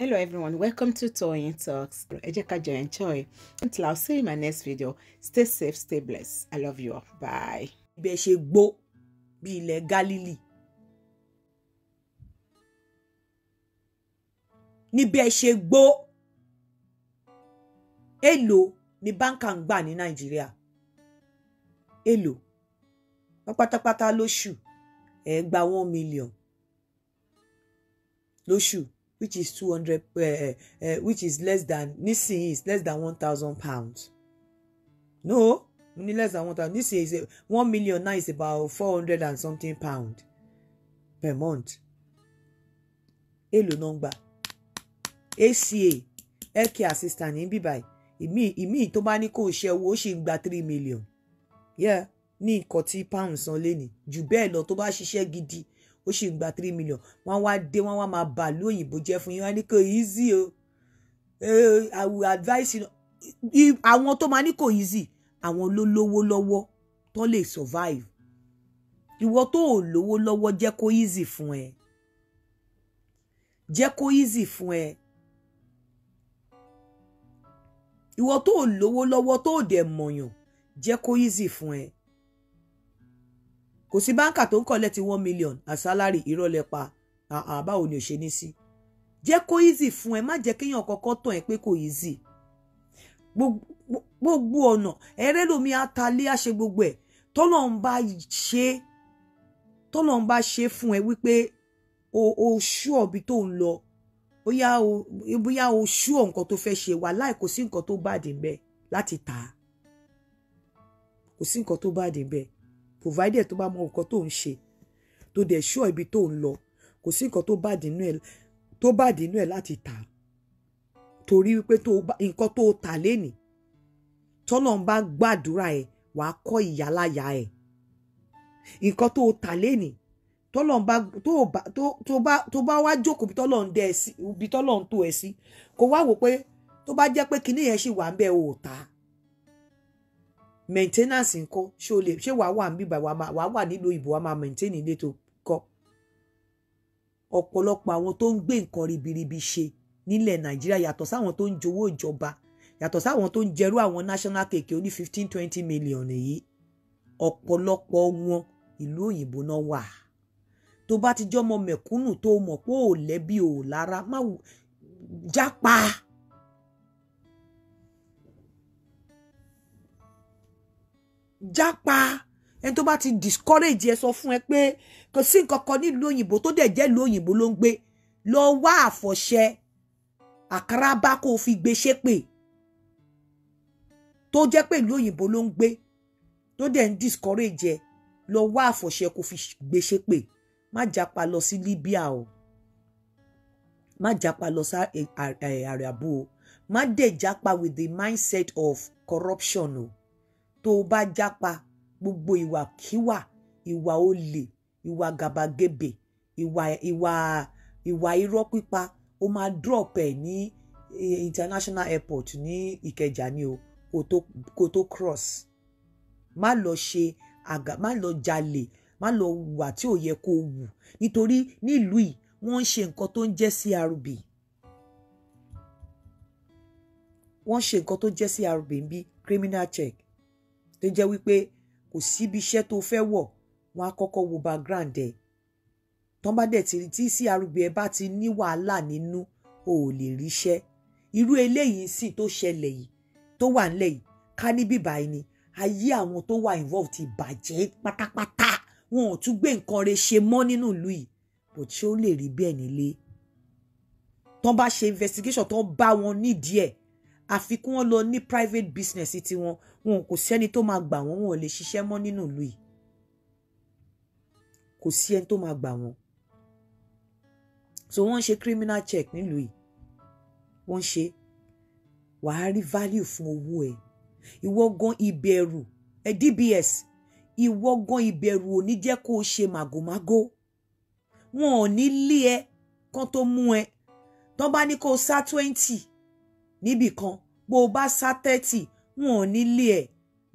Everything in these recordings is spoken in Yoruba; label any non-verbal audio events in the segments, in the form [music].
hello everyone welcome to Toyeen Talks ẹ jẹ́ ká enjoy until I see you in my next video stay safe stay blessed i love you all bye. ibẹ̀ ṣe gbó bí ilẹ̀ Galilee níbẹ̀ ṣe gbó èlò ni báńkà ń gbà ní nàìjíríà èlò wọn pátápátá lóṣù ẹgbàá one million lóṣù which is two hundred uh, uh, which is less than nísìnyí is less than one thousand pounds no mo ní less than one thousand nísìnyí is a, one million now is about four hundred and something pound per month èlò náà ń ACA healthcare assistant ní bíbáyìí ìmí ìmí tó bá ní kó ṣe owó ó sì ń gba three million yeah ní nǹkan tí pound san lé ní jù bẹ́ẹ̀ lọ tó bá ṣiṣẹ́ gidi ó sì ń gba three million wọ́n wá dé wọ́n wá máa bà lú òyìnbó jẹ́ fún yín wọ́n ní kò easy o i will advise you àwọn tó máa ní kò easy àwọn ló lówó lọ́wọ́ tó lè survive ìwọ tó ò lówó lọ́wọ́ jẹ́ kó easy fún ẹ jẹ́ kó easy fún ẹ ìwọ tó ò lówó lọ́wọ́ tó ò dẹ̀ mọ̀yàn jẹ́ kó easy fún ẹ kò sí báńkà tó ń kọ́lẹ̀ ti one million àsálárì ìrọ̀lẹ́ pa báwo ni ò ṣe ní sí jẹ́ kó easy fún ẹ má jẹ́ kéèyàn kọ́kọ́ tàn ẹ́ pé kò easy gbogbo ọ̀nà ẹ̀rẹ́ lomi atalé àṣẹ gbogbo ẹ̀ tọ́lọ̀ ń bá ṣe fún ẹ wípé o ṣú ọ̀bí tó ń lọ bóyá o bóyá o ṣú ọ̀ nǹkan tó fẹ́ ṣe wà láì kò sí nǹkan tó bàdé bẹ́ẹ̀ láti tà á kò sí nǹkan tó bàdé bẹ́ẹ̀ provided tó bá mọ nǹkan tó ń ṣe tó dẹ̀ ṣọ́ ibi tó ń lọ kò sí nǹkan tó bá dínú ẹ̀ tó bá dínú ẹ̀ láti tà torí wípé nǹkan tó tà lénìí tọ́lọ̀ ń bá gbàdúrà ẹ̀ wàá kọ́ ìyáláyà ẹ̀ nǹkan tó tà lénìí tọ́lọ̀ ń bá tó bá wá jókòó bí tọ́lọ̀ ń dẹ ẹ̀ sí bí tọ́lọ̀ ń tó ẹ̀ sí kó wá wò pé tó bá jẹ́ pé kinní yẹn ṣì wà ń bẹ̀ ò tà maintenance nǹkan ṣé o lè ṣé wàá wà níbí bàbá wàá wà nílùú ìbò wàá máa maintain ilé tó kọ́ ọ̀pọ̀lọpọ̀ àwọn tó ń gbé nǹkan ribiribi ṣe nílẹ̀ nàìjíríà yàtọ̀ sáwọn tó ń jowó ìjọba yàtọ̀ sáwọn tó ń jẹrú àwọn national cake oní fifteen twenty million yìí ọ̀pọ̀lọpọ̀ wọn ìlú òyìnbó náà wà tó bá ti jọmọ mẹ̀kúnnù tó mọ̀ pé ò lẹ́bi ò lára má jápa. jápa ẹni tó bá ti discourage ẹ sọ fún ẹ pé kò sí nǹkan kan nílùú òyìnbó tó dẹ̀ jẹ́ ìlú òyìnbó ló ń gbé lọ wá àfọ̀ṣẹ àkàràbá kó o fi gbé ṣépè tó jẹ́ pé ìlú òyìnbó ló ń gbé tó dẹ̀ ń discourage ẹ lọ wá àfọ̀ṣẹ kó fi gbé ṣépè má jápa lọ sí Libya o má jápa lọ sí àràbù o má dẹ̀ jápa with the mindset of corruption o. No tó o bá jápa gbogbo ìwàkíwà ìwà olè ìwà gàbàgebè ìwà ìwà ìwà irọ́ pípa o máa drop ẹ̀ ní e, international airport ní ìkẹjà ni o kò tó tó cross má lọ ṣe àgà má lọ jalè má lọ wà tí ò yẹ kó wù nítorí nílùú yìí wọ́n ń ṣe nǹkan tó ń jẹ́ crb wọ́n ń ṣe nǹkan tó ń jẹ́ crb ń bí criminal check tó jẹ́ wípé kò síbi iṣẹ́ tó fẹ́ wọ̀ wọ́n á kọ́kọ́ wo background ẹ̀ tán bá dẹ̀ tí sí arúgbó ẹ bá ti ní wàhálà nínú o ò lè ríṣẹ́ irú eléyìí sì tó ṣẹlẹ̀ yìí tó wà ńlẹ̀ yìí ká ní bíbá yìí ni ayé àwọn tó wà involved ti bàjẹ́ pátápátá wọn ò tún gbé nǹkan re ṣe mọ́ nínú ìlú yìí bó tí ó lè rí bẹ́ẹ̀ nílé tán bá ṣe investigation tán bá wọn nídìí ẹ̀ àfikún wọn lọ ní private business tiwọn wọn kò sí ẹni tó máa gbà wọ́n wọn ò lè ṣiṣẹ́ mọ́ nínú ìlú yìí kò sí ẹni tó máa gbà wọ́n so wọ́n ń ṣe criminal check nílùú yìí wọ́n ń ṣe wàá rí value fún owó ẹ̀ ìwọ gan ìbẹ̀rù ẹ DBS ìwọ gan ìbẹ̀rù ò ní jẹ́ kó o ṣe màgòmágó wọn ò ní lé ẹ kán tó mú ẹ tán bá ní kó o sá twenty níbì kan bó o bá sá thirty wọn ò ní lé ẹ̀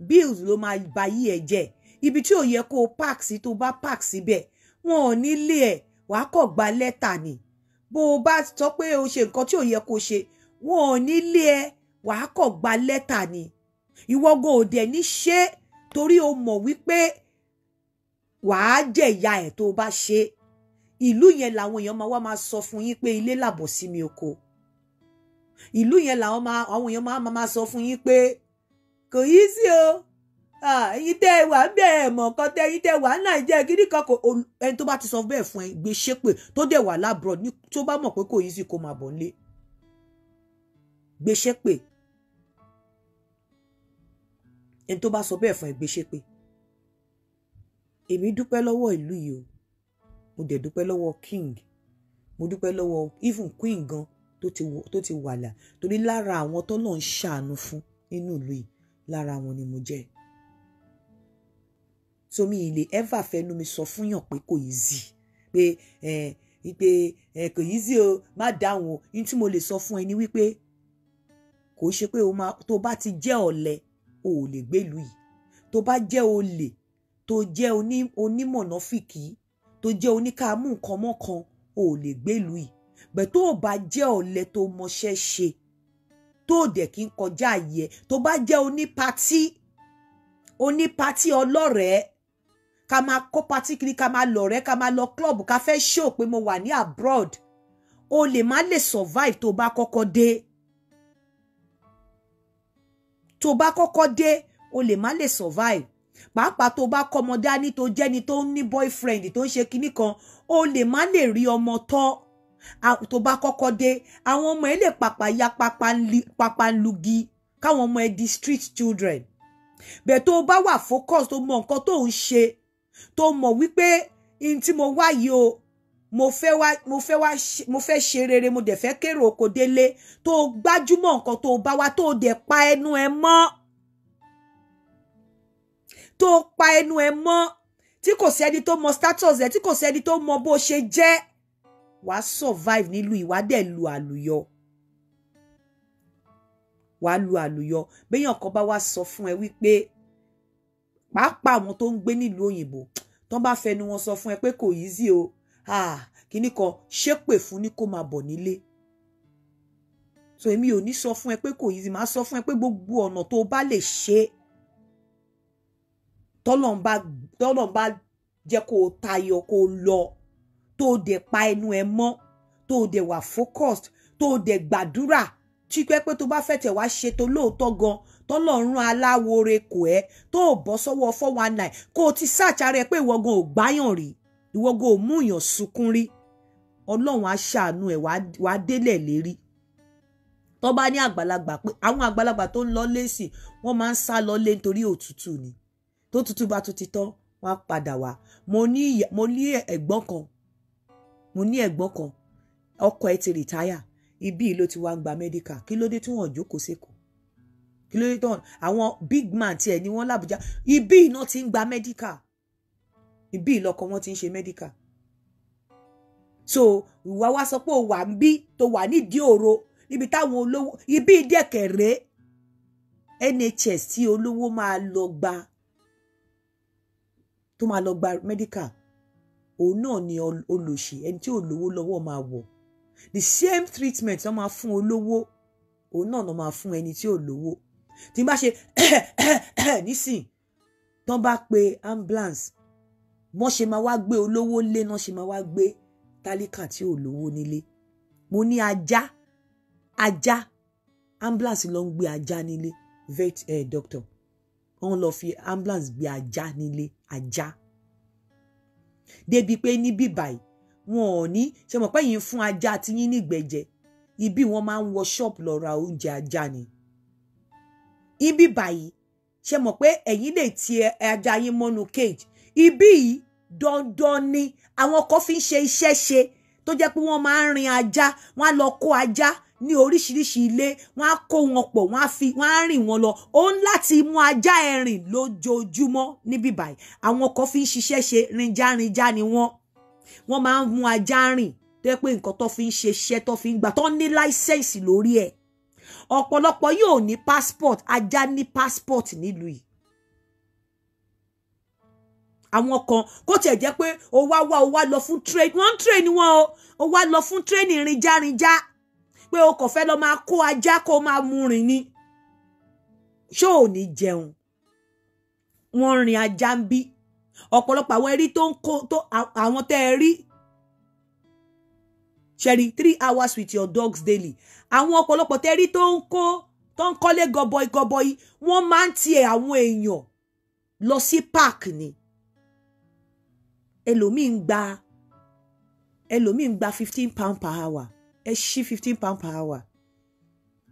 bills ló máa ba yí ẹ̀ jẹ́ ibi tí ò yẹ kó o park sí tó bá park síbẹ̀ wọn ò ní lé ẹ̀ wàá kọ̀ gba lẹ́tà ni bó o bá sọ pé o ṣe nǹkan tí ò yẹ kó o ṣe wọn ò ní lé ẹ̀ wàá kọ̀ gba lẹ́tà ni ìwọ́gò òdẹ ní ṣe torí o mọ̀ wípé wàá jẹ̀yà ẹ̀ tó o bá ṣe ìlú yẹn làwọn èèyàn máa wá máa sọ fún yín pé ilé làbọ̀ sí mi oko ìlú yẹn làwọn èèyàn máa máa sọ fún yín pé kò yí sí o ẹ̀yin tẹ́ ẹ wà ń bẹ̀ ẹ̀ mọ̀ nǹkan tẹ́ ẹ̀yin tẹ́ ẹ wà ń nàìjẹ́ kiri kan kò ẹni tó bá ti sọ bẹ́ẹ̀ fún ẹ gbé ṣépè tó dẹ̀ wà lábroad ní tó bá mọ̀ pé kò yí sí kó máa bọ̀ nílé gbé ṣépè ẹni tó bá sọ bẹ́ẹ̀ fún ẹ gbé ṣépè èmi dúpẹ́ lọ́wọ́ ìlú yìí o mo dẹ̀ dúpẹ́ lọ́wọ́ king mo dúpẹ́ lọ́wọ́ even queen gan tó ti wàlà torí lára àwọn tó lọ́n ń ṣàánú fún nínú ìlú yìí lára wọn ni mo jẹ́ tomi ilé ever fẹnu mi sọ fún yàn pé kò easy pé pé kò easy o má dáhùn o ní tí mo lè sọ fún ẹ ni wípé kò ṣe pé tó bá ti jẹ́ ọ̀lẹ o ò lè gbélú yìí tó bá jẹ́ olè tó jẹ́ onímọ̀nàfìkì tó jẹ́ oníkàámú nǹkan mọ́kan o ò lè gbélú yìí bẹ́ẹ̀ tó bá jẹ́ ọ̀lẹ tó mọṣẹ́ ṣe tó dẹ̀ kí n kọjá àyè ẹ̀ tó bá jẹ́ onípatí onípatí ọlọ́rẹ̀ẹ́ ká máa kó patí kiri ká máa lọ ká máa lọ club ká fẹ́ show pé mo wà ní abroad o lè má lè survive tó bá kọ́kọ́ dé tó bá kọ́kọ́ dé o lè má lè survive pàápàá tó bá kọ́ ọmọ dání tó jẹ́ni tó ní boyfriend tó ń ṣe kinní kan o lè má lè rí ọmọ tọ́ tó bá kọ́kọ́ dé àwọn ọmọ ẹ lè pàpà ya pàpà lugi káwọn ọmọ ẹ di street children bẹ́ẹ̀ tó bá wà focus tó mọ nǹkan tó ń ṣe tó mọ̀ wípé in tí mo wá yìí o mo fẹ́ wá mo fẹ́ wá mo fẹ́ ṣe rere mo dẹ̀ fẹ́ kérò oko délé tó gbájúmọ̀ nǹkan tó bá wá tó dẹ̀ pa ẹnu ẹ mọ́ tó pa ẹnu ẹ mọ́ tí kò sí ẹni tó mọ status ẹ tí kò sí tó mọ bó ṣe jẹ́ wàá survive nílùú ìwà dẹ̀ lu àlùyọ wàá lu àlùyọ béèyàn kan bá wá sọ fún ẹ wípé pàápàá àwọn tó ń gbé nílùú òyìnbó tán bá fẹnu wọn sọ fún ẹ pé kò easy o ah kíní kan ṣépè fún ni kó máa bọ̀ nílé so èmi ò ní sọ fún ẹ pé kò easy màá sọ fún ẹ pé gbogbo ọ̀nà tó bá lè ṣe tọ́lọ́n bá jẹ́ kó o tayọ kó o lọ tó o dẹ̀ pa ẹnu ẹ mọ́ tó o dẹ̀ wà focused tó o dẹ̀ gbàdúrà tí pé pé tó bá fẹ́ tẹ̀ wá ṣe tó lóòótọ́ gan tọ́lọ́run aláwore kò ẹ́ tó o bọ́ sọ́wọ́ four one nine kó o ti ṣàṣàrẹ pé ìwọ gan ò gbáyàn rí ìwọ gan ò mú yàn sunkún rí ọlọ́run á ṣàánú ẹ̀ wàá délẹ̀ lérí tó bá ní àgbàlagbà pé àwọn àgbàlagbà tó ń lọ lẹ́sìn wọ́n máa ń sá lọ lé nítorí òtútù ni tó tútù bá tún ti tán wọ́n á padà wá mo ní ẹ̀gbọ́n kan mo ní ẹ̀gbọ́n kan ọkọ ẹ̀ ti rìtáyà ibí yìí ló ti wá ń gba medical kí ló dé tí wọ́n jókòó sẹ́kọ̀ọ́ kí ló dé tí wọ́n àwọn big man tiẹ̀ ni wọ́n làbújá ibí yìí náà ti ń gba medical ibí yìí lọkọ wọn ti ń ṣe medical so ìwà wa sọ pé o wà ń bí tó wà nídìí òro níbi táwọn olówó ibí ìdẹ̀kẹ̀rẹ́ NHS tí olówó máa lọ gba tó máa lọ gba medical òun náà ni olòṣì ẹni tí ò lówó lọ́wọ́ máa wọ̀ the same treatment wọ́n máa fún olówó òun náà máa fún ẹni tí ò lówó tí n bá ṣe [coughs] nísìn tán bá pe ambulance wọ́n ṣe máa wá gbé olówó lé náà ṣe máa wá gbé tálíkà tí ò nílé mo ní ajá ajá ambulance ló ń gbé ajá nílé vet eh, doctor wọ́n lọ fi ambulance gbé ajá nílé ajá débi pé níbí báyìí wọn ò ní ṣe mọ̀ pé yìí fún ajá tí yín nígbẹ̀jẹ̀ ibi wọn máa ń wọ ṣọ́ọ̀pù lọ ra oúnjẹ ajá ni ibi báyìí ṣe mọ̀ pé ẹ̀yin lè ti ajá yín mọ́nu cage ibi yìí dandan ni àwọn kan fi ń ṣe iṣẹ́ ṣe tó jẹ́ pé wọ́n máa ń rin ajá wọ́n á lọ kó ajá ní oríṣiríṣi ilé wọ́n á kó wọn pọ̀ wọ́n á fi wọ́n á rìn wọn lọ ó ń láti mú ajá ẹ̀rìn lójoojúmọ́ níbí báyìí àwọn kan fi ń ṣiṣẹ́ ṣe rinjárinjá ni wọ́n wọ́n máa ń mú ajá rìn tó yẹ pé nǹkan tó fi ń ṣe iṣẹ́ tó fi ń gbà tó ní láísẹ̀nsì lórí ẹ̀ ọ̀pọ̀lọpọ̀ yóò ní passport ajá ní passport nílùú yìí àwọn kan kó tiẹ̀ jẹ́ pé o wá wá o wá lọ fún trade wọ́n ń train wọn o o wá lọ fún training rinjárinjá pé o kò fẹ́ lọ máa kó ajá kó máa mú rìn ni ṣó ò ní jẹun wọ́n rìn ajá ń bí ọ̀pọ̀lọpọ̀ àwọn ẹrí tó ń kó tó àwọn tẹ́ ẹ rí ṣẹ̀rí three hours with your dogs daily àwọn ọ̀pọ̀lọpọ̀ tẹ́ ẹ rí tó ń kó tó ń kọ́lé gọbọi gọbọi wọ́n máa ń tiẹ̀ àwọn èèyàn lọ sí park ni ẹlòmíì ń gba ẹlòmíì ń gba fifteen pound per hour ẹṣí fifteen pound per hour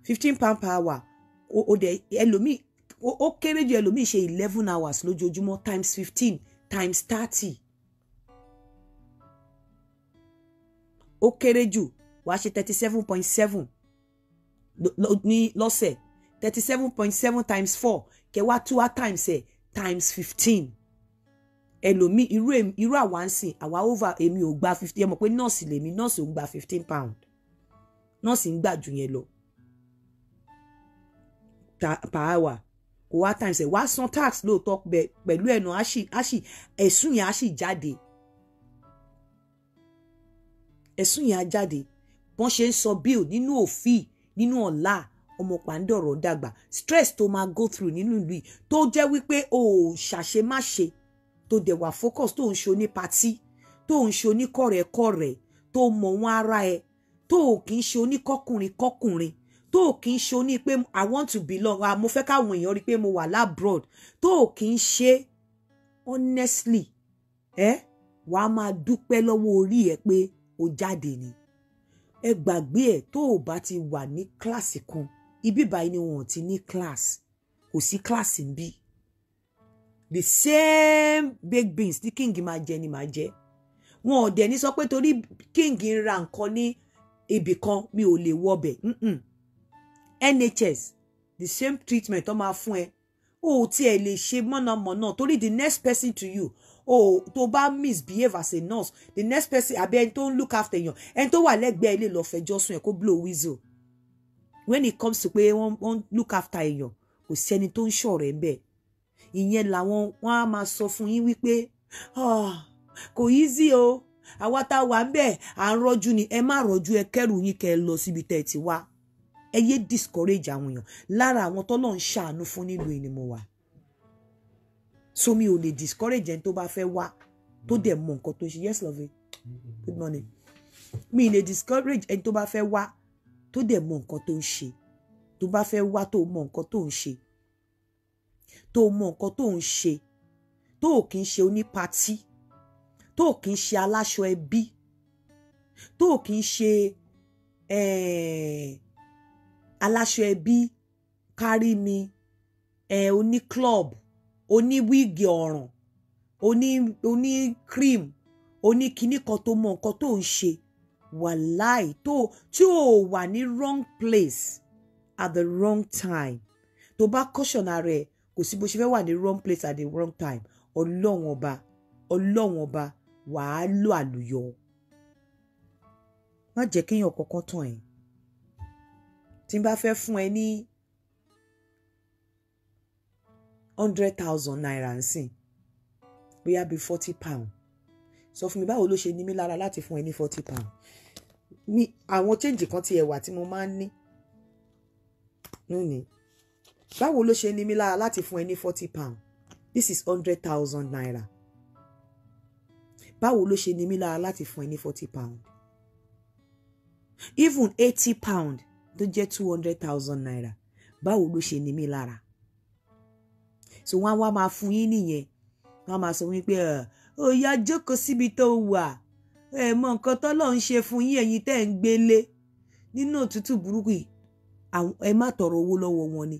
fifteen pound per hour o o dẹ ẹlòmíì o ó kéré ju ẹlòmíì ṣe eleven hours lójoojúmọ́ times fifteen times thirty ó kéré jù wàá ṣe thirty seven point seven ní lọ́sẹ̀ thirty seven point seven times four kẹwàá two hour times ẹ̀ times fifteen ẹlòmíì irú àwa ń sìn àwa over èmi ò gba fifteen ẹ mọ̀ pé nọ́ọ̀sì lèmi nọ́ọ̀sì ò gba fifteen pound nọ́ọ̀sì ń gbà jù yẹn lọ per hour kò wá times ẹ̀ wá san tax lóòótọ́ pẹ̀lú ẹ̀nà ẹ̀sùn yẹn á sì jáde ẹ̀sùn yẹn á jáde bọ́n ṣe ń sọ bill nínú òfin nínú ọ̀la ọmọ pàǹdọ̀rọ̀ dàgbà stress tó máa go through nínú ìlú yìí tó jẹ́ wípé o ò ṣàṣemáṣe tó dẹ̀ wà focus tó ń ṣe oní patí tó ń ṣe oníkọ̀rẹ́kọ̀rẹ́ tó mọ̀ wọ́n ara ẹ̀ tó o kì í ṣe oníkọkùnrin kọkùnrin tó o kì í ṣe oní pé i want to belong ah mo fẹ́ káwọn èèyàn rí i pé mo wà labroad tó o kì í ṣe honestly ẹ wà á máa dúpẹ́ lọ́wọ́ orí ẹ pé o jáde ni ẹ gbàgbé ẹ tó o bá ti wà ní kíláàsì kan ibi báyìí ni wọn ti ní kíláàsì kò sí kíláàsì ń bí the same baked beans tí king máa jẹ ni máa jẹ wọn ò dẹ̀ ní sọ pé torí king ń ra nǹkan ní ibì kan mi ò lè wọbẹ̀ NHS the same treatment tó máa fún ẹ o ò tiẹ̀ lè ṣe mọ̀nàmọ́ná torí the next person to you o tó bá misbehave as a nurse the next person àbí ẹni tó ń look after èèyàn ẹni tó wà lẹ́gbẹ̀ẹ́ ilé lọ́ọ́ fẹjọ́ sùn ẹ̀ kó blow whistle when it comes to pé wọ́n look after èèyàn kò sí ẹni tó ń ṣọ̀rọ̀ ẹ̀ ń bẹ̀ ìyẹn làwọn wọn á máa sọ fún yín wípé ah, kò easy o. Oh, àwa tá a wà ń bẹ́ẹ̀ à ń rọ́jú ni ẹ má rọ́jú ẹ kẹ́rù yín kẹ́ ẹ lọ síbi tẹ́ ẹ ti wá ẹ yé discourage àwọn èèyàn lára àwọn tọ́lọ́ ń ṣàánú fún nílùú ẹni mo wà so mi ò lè discourage ẹni tó bá fẹ́ wá tó dẹ̀ mọ nǹkan tó ṣe yes love good morning mi lè discourage ẹni tó bá fẹ́ wá tó dẹ̀ mọ nǹkan tó ń ṣe tó bá fẹ́ wá tó mọ nǹkan tó ń ṣe tó mọ nǹkan tó ń ṣe tó ò kí ń ṣe onípatí tó kì í ṣe aláṣọ ẹbí tó kì í ṣe eh, aláṣọ ẹbí kárí mi eh, oní club oní wíìgì ọ̀ràn oní oní cream oní kinní kan tó mọ nǹkan tó ń ṣe wàláì tó tí ò wà ní wrong place at the wrong time tó bá caution rẹ kò sí bó ṣe fẹ́ wà ní wrong place at the wrong time ọlọ́run ọba ọlọ́run ọba wàá lò àlùyọ má jẹ́ kéèyàn kankan tàn ẹ́ tí n bá fẹ́ fún ẹ ní hundred thousand naira ń sìn bóyá bíi forty pound sọ fún mi báwo ló ṣe ní mí lára láti fún ẹ ní forty pound mi àwọn change kan ti ẹ̀wà tí mo máa ń ní lónìí báwo ló ṣe ní mí lára láti fún ẹ ní forty pound this is hundred thousand naira báwo ló ṣe ní mí lára láti fún ẹ ní forty pound even eighty pound tó jẹ́ two hundred thousand naira báwo ló ṣe ní mí lára so wọn á wá máa fún yín nìyẹn wọn á máa sọ wípé ó yá jókòó síbi tó wà ẹ mọ nǹkan tọ́lọ́run ṣe fún yín ẹ̀yin tẹ́ ń gbélé nínú òtútù burúkú yìí ẹ má tọrọ owó lọ́wọ́ wọn ni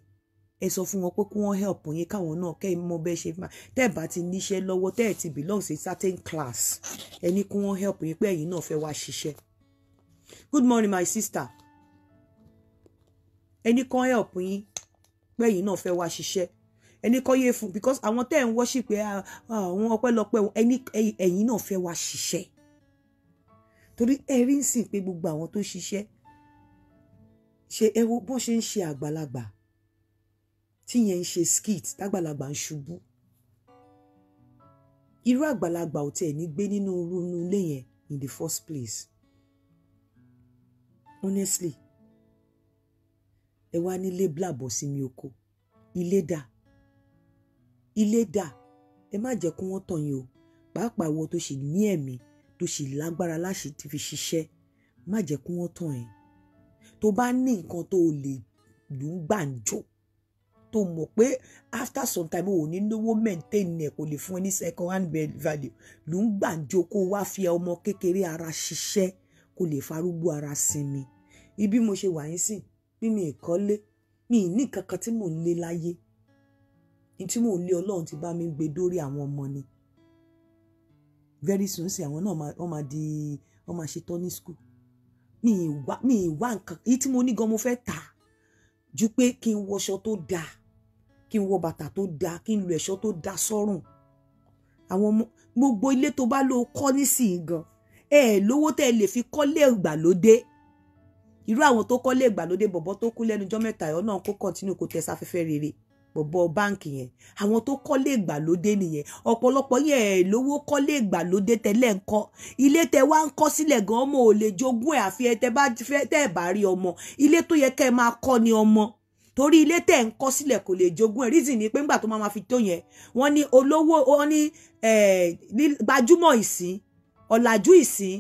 ẹ sọ fún wọn pé kí wọ́n help yín káwọn náà kẹ́ ẹ mọ bẹ́ẹ̀ ṣe máa tẹ́ ẹ bá ti níṣẹ́ lọ́wọ́ tẹ́ ẹ ti belong sí certain class ẹ ní kí wọ́n help yín pé ẹ̀yin náà fẹ́ wá ṣiṣẹ́. good morning my sister ẹ ní kí help yín pé ẹ̀yin náà fẹ́ wá ṣiṣẹ́ ẹni kọ́ yé fún because àwọn tẹ́ ẹ̀ ń worship ẹ ah, ah, àwọn ọpẹ́lọpẹ́ ẹni ẹ̀yin náà fẹ́ wá ṣiṣẹ́ torí ẹ̀rí ń sìn pé gbogbo àwọn tó ṣiṣẹ́ ṣe ẹ wo ṣe ń ṣe àgbàlagbà tí yẹn ń ṣe skit tágbàlagbà ń ṣubú irú àgbàlagbà ò tẹ̀ ní gbé nínú irú ilé in the first place honestly ẹ wá nílé blàbọ̀ sí mi oko ilé dà ilé dà ẹ má jẹ́ kó wọ́n tàn yín o pàápàá ìwọ tó ṣì ní ẹ̀mí tó ṣì lágbára láṣì ti fi ṣiṣẹ́ má jẹ́ kó wọ́n tàn yín tó bá ní nǹkan tó lè lù ú gbàǹjo tó mọ̀ pé after some time o ò ní lówó maintain ẹ̀ kò lè fún ẹ ní second hand value ló ń gbàjọ kó wá fi ọmọ kékeré ara ṣiṣẹ́ kó lè farúgbó ara sinmi ibi mo ṣe wà yín sìn mímì ìkọ́lé mi ì ní kankan tí mò ń lé láyé ní tí mò ń lé ọlọ́run ti bá mi gbé dórí àwọn ọmọ ni very soon sí àwọn náà wọ́n máa di wọ́n máa ṣe tán school mi ì wá mi ì wá nǹkan èyí tí mo ní gan mo fẹ́ tà á ju pé kí n wọṣọ tó dáa kí n wọ bàtà tó dáa kí n lo ẹ̀ṣọ́ tó dáa sọ́rùn àwọn ọmọ gbogbo ilé tó bá lọ kọ́ nísìnyí gan ẹ ẹ lówó tẹ́ ẹ lè fi kọ́lé ìgbàlódé irú àwọn tó kọ́lé ìgbàlódé bọ̀bọ̀ tó kú lẹ́nu ọjọ́ mẹ́ta ẹ̀ náà kó kọ́ntínú kó tẹ sáfẹ́fẹ́ rere bọ̀bọ̀ báǹkì yẹn àwọn tó kọ́lé ìgbàlódé nìyẹn ọ̀pọ̀lọpọ̀ yẹn ẹ̀ lówó kọ́lé ìgbàlódé tẹ́lẹ̀ ń kọ́ ilé tẹ wá ń kọ́ sílẹ̀ gan ọmọ ò lè jogún ẹ̀ àfi ẹ tẹ bá fẹ́ tẹ́ bá rí ọmọ ilé tó yẹ kẹ́ máa kọ́ ni ọmọ torí ilé tẹ̀ ń kọ́ sílẹ̀ kò lè jogún ẹ̀ reason ni pé ńgbà tó máa fi tó yẹn wọ́n ní olówó wọ́n ní eh, gbajúmọ̀ ìsìn ọ̀làjú ìsìn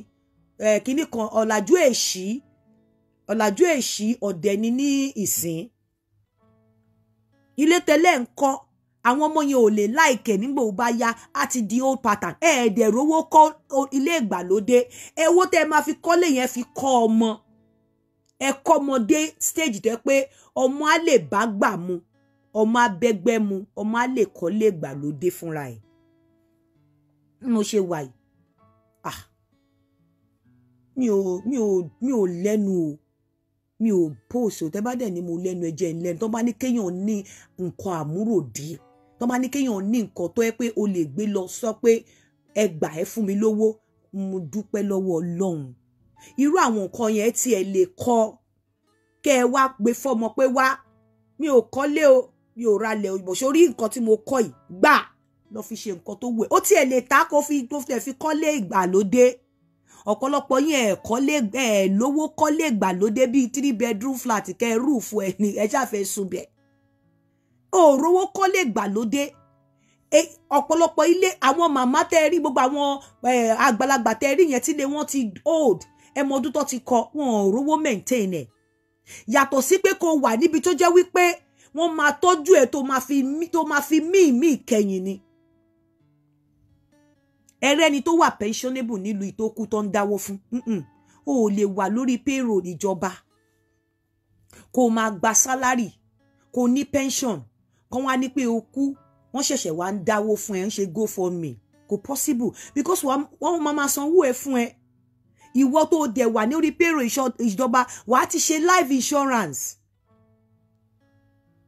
eh, kínní kan ọ̀làjú èṣí ọ̀làjú èṣí ọ̀dẹ̀ ni ní ìsìn ilé tẹ́lẹ̀ ń kọ́ àwọn ọmọ yẹn ò lè láìkẹ nígbà ó bá yá á ti di old pattern ẹ ẹ dẹ̀ rówó kọ́ ilé ìgbàlódé ẹ wo tẹ́ máa fi kọ́lé yẹn fi kọ́ ọmọ ẹ kọ́mọdé stage tẹ́ pé ọmọ á lè bá gbà mu ọmọ á mu ọmọ á lè kọ́ lè gbà lóde fúnra ẹ̀ mo ṣe wà yìí ah mi ò mi ò mi ò lẹ́nu o mi ò pòsò tẹ́ bá dẹ̀ ni mo lẹ́nu ẹjẹ́ ńlẹ́nu tó bá ní kéèyàn ní nǹkan àmúròdì tó bá ní kéèyàn ní nǹkan tó yẹ pé o lè gbé lọ sọ pé ẹ gbà ẹ fún mi lówó mo dúpẹ́ lọ́wọ́ Ọlọ́run irú àwọn nǹkan yẹn tí ẹ lè kọ kẹ́ ẹ wá gbé fọ́mọ pé wá mi ò kọ́lé o mi ò ralẹ̀ o ìbọ̀ṣọ́ orí nǹkan tí mo kọ́ yìí gbà lọ fi ṣe nǹkan tó wù ẹ́ ó tiẹ̀ lè ta kó fi tó fi kọ́lé ìgbàlódé ọ̀pọ̀lọpọ̀ yín ẹ̀ kọ́lé ẹ̀ lówó kọ́lé ìgbàlódé bíi three bedroom flat kẹ́ ẹ rúùfù ẹ̀ ní ẹ ṣáà fẹ́ sùn bẹ̀ ò rówó kọ́lé ìgbàlódé e, ọ̀pọ̀lọpọ̀ ilé àwọn màmá tẹ́ rí gbogbo àwọn àgbàlagbà tẹ́ rí yẹn tí lé wọ́n ti old ẹ mọ ọdún tó ti kọ wọn ò rówó maintain ẹ̀ yàtọ̀ sí pé kó wà níbi tó jẹ́ wípé wọ́n máa tọ́jú ẹ̀ tó máa fi tó máa fi míì míì kẹyìn ni ẹrẹ́ ni tó wà pensionable nílùú ìtókù tó ń dáwó fún o ò lè wà lórí payroll ìjọba kó o máa gba sálárì kó ní pension kó wá ní pé o kú wọ́n ṣẹ̀ṣẹ̀ wá ń dáwó fún ẹ ń ṣe go for me kò possible because wọ́n máa sanwó ẹ fún ẹ ìwọ tó dẹ̀ wà ní orí payroll ìjọba wàá ti ṣe life insurance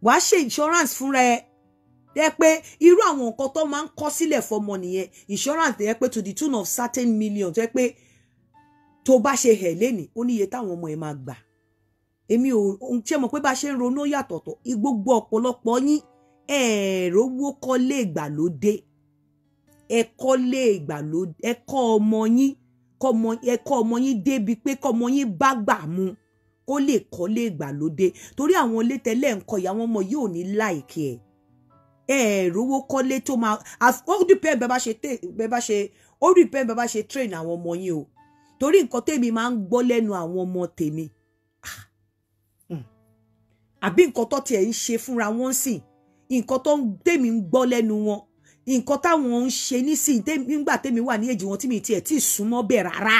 wàá ṣe insurance fúnra ẹ yẹ pé irú àwọn nǹkan tó máa ń kọ sílẹ̀ fọmọ nìyẹn insurance yẹ pé to the tune of certain million tó yẹ pé tó bá ṣe hẹ̀ lénìí ó níye táwọn ọmọ ẹ máa gbà èmi ò ṣe mọ̀ pé bá ṣe ń ronú yàtọ̀tọ̀ gbogbo ọ̀pọ̀lọpọ̀ yín ẹ̀ẹ́rọ́wó kọ́lé ìgbàlódé ẹ kọ́lé ìgbàlódé ẹ ọmọ yín kọ́ ọmọ yín débi pé kọ́ ọmọ yín bá gbà mu kó lè kọ́lé ìgbàlódé torí àwọn ilé tẹ́lẹ̀ ń kọ́ ìyá wọn ọmọ yìí ò ní láìkí ẹ̀ ẹ rówó kọ́lé tó máa ó dìpẹ́ bẹ́ẹ̀ bá ṣe bẹ́ẹ̀ bá ṣe ó dìpẹ́ bẹ́ẹ̀ bá ṣe train àwọn ọmọ yín o torí nǹkan tèmi máa ń gbọ́ lẹ́nu àwọn ọmọ tèmi ah. hmm. àbí nǹkan tó tiẹ̀ ń ṣe fúnra wọn sìn nǹkan tó tèmi ń gbọ́ lẹ́nu wọn nǹkan táwọn ń ṣe nísìnyí nígbà tèmi wà ní èjì wọn tí mi tiẹ̀ tí súnmọ́ bẹ̀ rárá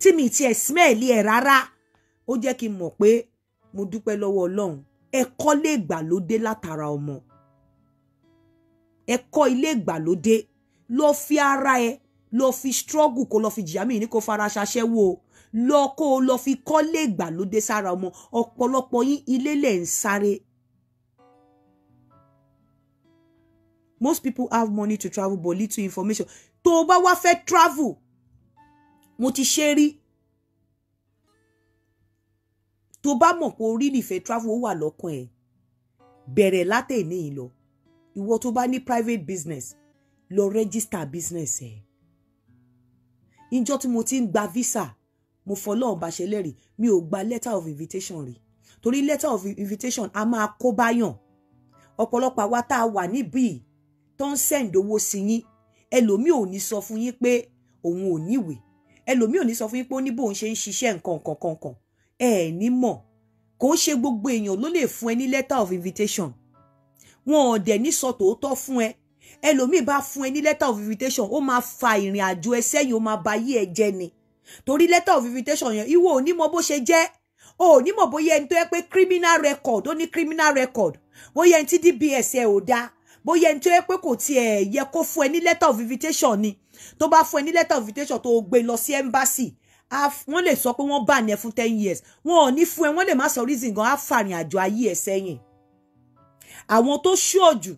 tí mi tiẹ̀ smẹ́ẹ̀lì ẹ̀ rárá ó jẹ́ kí n mọ̀ pé mo dúpẹ́ lọ́wọ́ ọlọ́run ẹ̀kọ́ lè gbàlódé látara ọmọ ẹ̀kọ́ ilé ìgbàlódé lọ fi ara ẹ lọ fi struggle kó lọ fi jìyà mí ní kó fara ṣaṣẹ́wó o lọ kó o lọ fi kọ́ lè gbàlódé sára ọmọ ọ̀pọ̀lọpọ̀ yín ilé lẹ̀ ń sáré most people have money to travel but little information tó o bá wá fẹ́ travel mo ti ṣe rí tó bá mọ̀ pé o really travel ó wà lọ́kàn ẹ̀ bẹ̀rẹ̀ látẹ̀ní yìí lọ ìwọ tó bá ní private business lọ register business ẹ̀ níjọ́ tí mo ti ń gba visa mo fọlọ́run bá ṣe lẹ́rìí mi ò gba letter of invitation rí torí letter of invitation a máa kó báyàn ọ̀pọ̀lọpọ̀ àwa tá a wà níbí tó ń send owó sí yín ẹlòmíì ò ní sọ fún yín pé òun ò níwèé ẹlòmíì ò ní sọ fún yín pé ó ní bóun ṣe ń ṣiṣẹ́ nǹkan kan kan kan ẹ ẹ̀ ní mọ̀ kò ń ṣe gbogbo èèyàn ló lè fún ẹ ní letter of invitation wọn ò dẹ̀ ní sọ tòótọ́ fún ẹ ẹlòmíì bá fún ẹ ní letter of invitation ó máa fa ìrìn àjò ẹ sẹ́yìn ó máa ba ayé ẹ jẹ ni torí letter of invitation yẹn ìwọ ò ní mọ bó ṣe jẹ́ o ò ní mọ bóyá ẹni tó yẹ pé criminal record ó ní criminal record bóyá ẹni tí DBS ẹ ò dáa bóyá ẹni tó yẹ pé kò tiẹ̀ yẹ kó fún ẹ ní letter of invitation ni To ba fún ẹ letter of invitation to gbé lọ sí embassy wọ́n lè sọ pé wọ́n bá ní ẹ fún ten years wọn ò ní fún ẹ wọ́n lè má sọ reason gan á fàrìn àjò ayé ẹ sẹ́yìn àwọn To ṣọ́ọ̀jù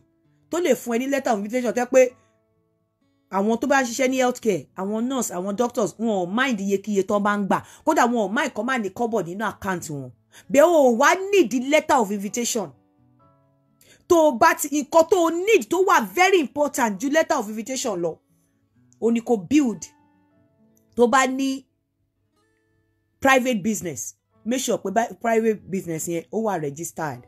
tó lè fún ẹ letter of invitation tẹ́ pé àwọn tó bá ń ṣiṣẹ́ ní healthcare àwọn nurse àwọn doctors wọn ò mind iyekíye tó bá ń gbà kódà wọn ò mind kọ́ máa ní kọ́bọ̀ nínú àkáǹtì wọn bẹ́ẹ̀ o wá nídìí letter of invitation tó o bá ti nǹkan tó o need tó wà very important ju letter of invitation lọ o ní kó build tó bá ní private business make sure pé private business yẹn ó wà registered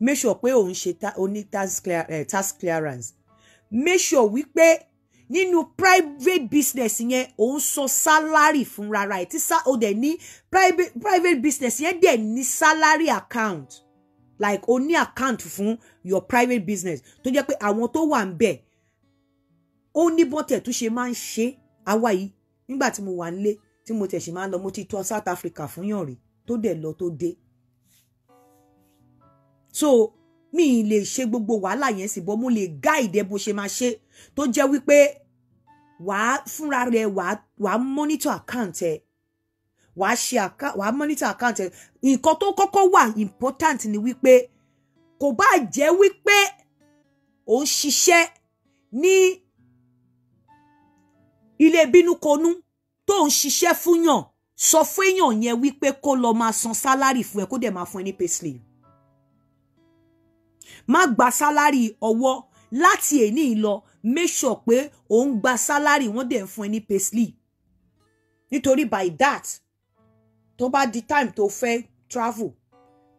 make sure pé òun ṣe ó ní eh, tax clearance make sure wípé nínú private business yẹn òun san salary fún rárá ẹ tí ó dẹ̀ ní private business yẹn dẹ̀ ní salary account like o ní account fún your private business tó jẹ́ pé àwọn tó wà ń bẹ̀ ó ní bọ́tẹ̀ tó ṣe máa ń ṣe àwa yìí nígbà tí mo wà ń lé tí mo tẹ̀ máa ń lọ mo ti tọ́ South Africa fún yàn rí tó dẹ̀ lọ tó dé so mi ì lè ṣe gbogbo wàhálà yẹn sì bọ́ mo lè guide ẹ bó ṣe máa ṣe tó jẹ́ wípé wàá fúnra rẹ wàá monitor account ẹ. Eh wàá ṣe account wàá monitor account ẹ nǹkan tó kọ́kọ́ wà important ni wípé kò bá jẹ́ wípé ò ń ṣiṣẹ́ ní ilé bínúkonú tó ń ṣiṣẹ́ fúnyàn sọ fún èèyàn yẹn wípé kó lọ máa san sálárì fún ẹ kó dẹ̀ máa fún ẹ ní payslip má gba sálárì ọwọ́ láti èní lọ make sure pé ò gba sálárì wọ́n dẹ̀ ń fún ẹ ní payslip nítorí by that tó bá di time tó fẹ́ travel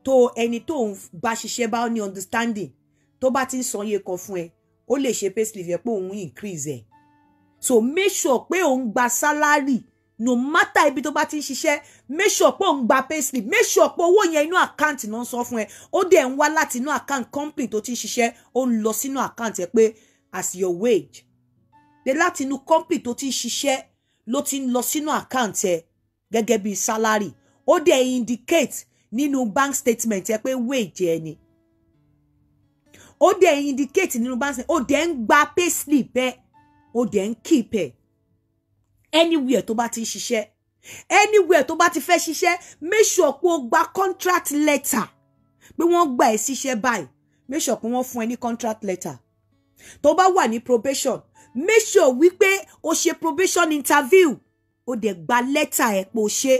tó ẹni tó ń bá ṣiṣẹ́ bá ní understanding tó bá ti ń san iye kan fún ẹ ó lè ṣe payslip yẹn pé òun increase ẹ so make sure pé òun gba salary no matter ibi tó bá ti ń ṣiṣẹ́ make sure pé òun gba payslip make sure pé owó yẹn inú account náà sọ fún ẹ ó dẹ̀ ń wá láti inú account company tó ti ń ṣiṣẹ́ ó ń lọ sínú account ẹ pé as your wage de láti inú company tó ti ń ṣiṣẹ́ ló ti ń lọ sínú account ẹ gẹ́gẹ́ bí salary ó dẹ̀ indicate nínú bank statement ẹ pé wage ẹni ó dẹ̀ indicate nínú bank statement ó dẹ̀ ń gba payslip ẹ ó dẹ̀ ń keep ẹ anywhere tó bá ti ń ṣiṣẹ́ anywhere tó bá ti fẹ́ ṣiṣẹ́ make sure pé o gba contract letter pé wọ́n gbà ẹ́ síṣẹ́ báyìí make sure pé wọ́n fún ẹ ní contract letter tó bá wà ní probation make sure wípé o ṣe probation interview ó dẹ̀ gba lẹ́tà ẹ̀ pò ṣe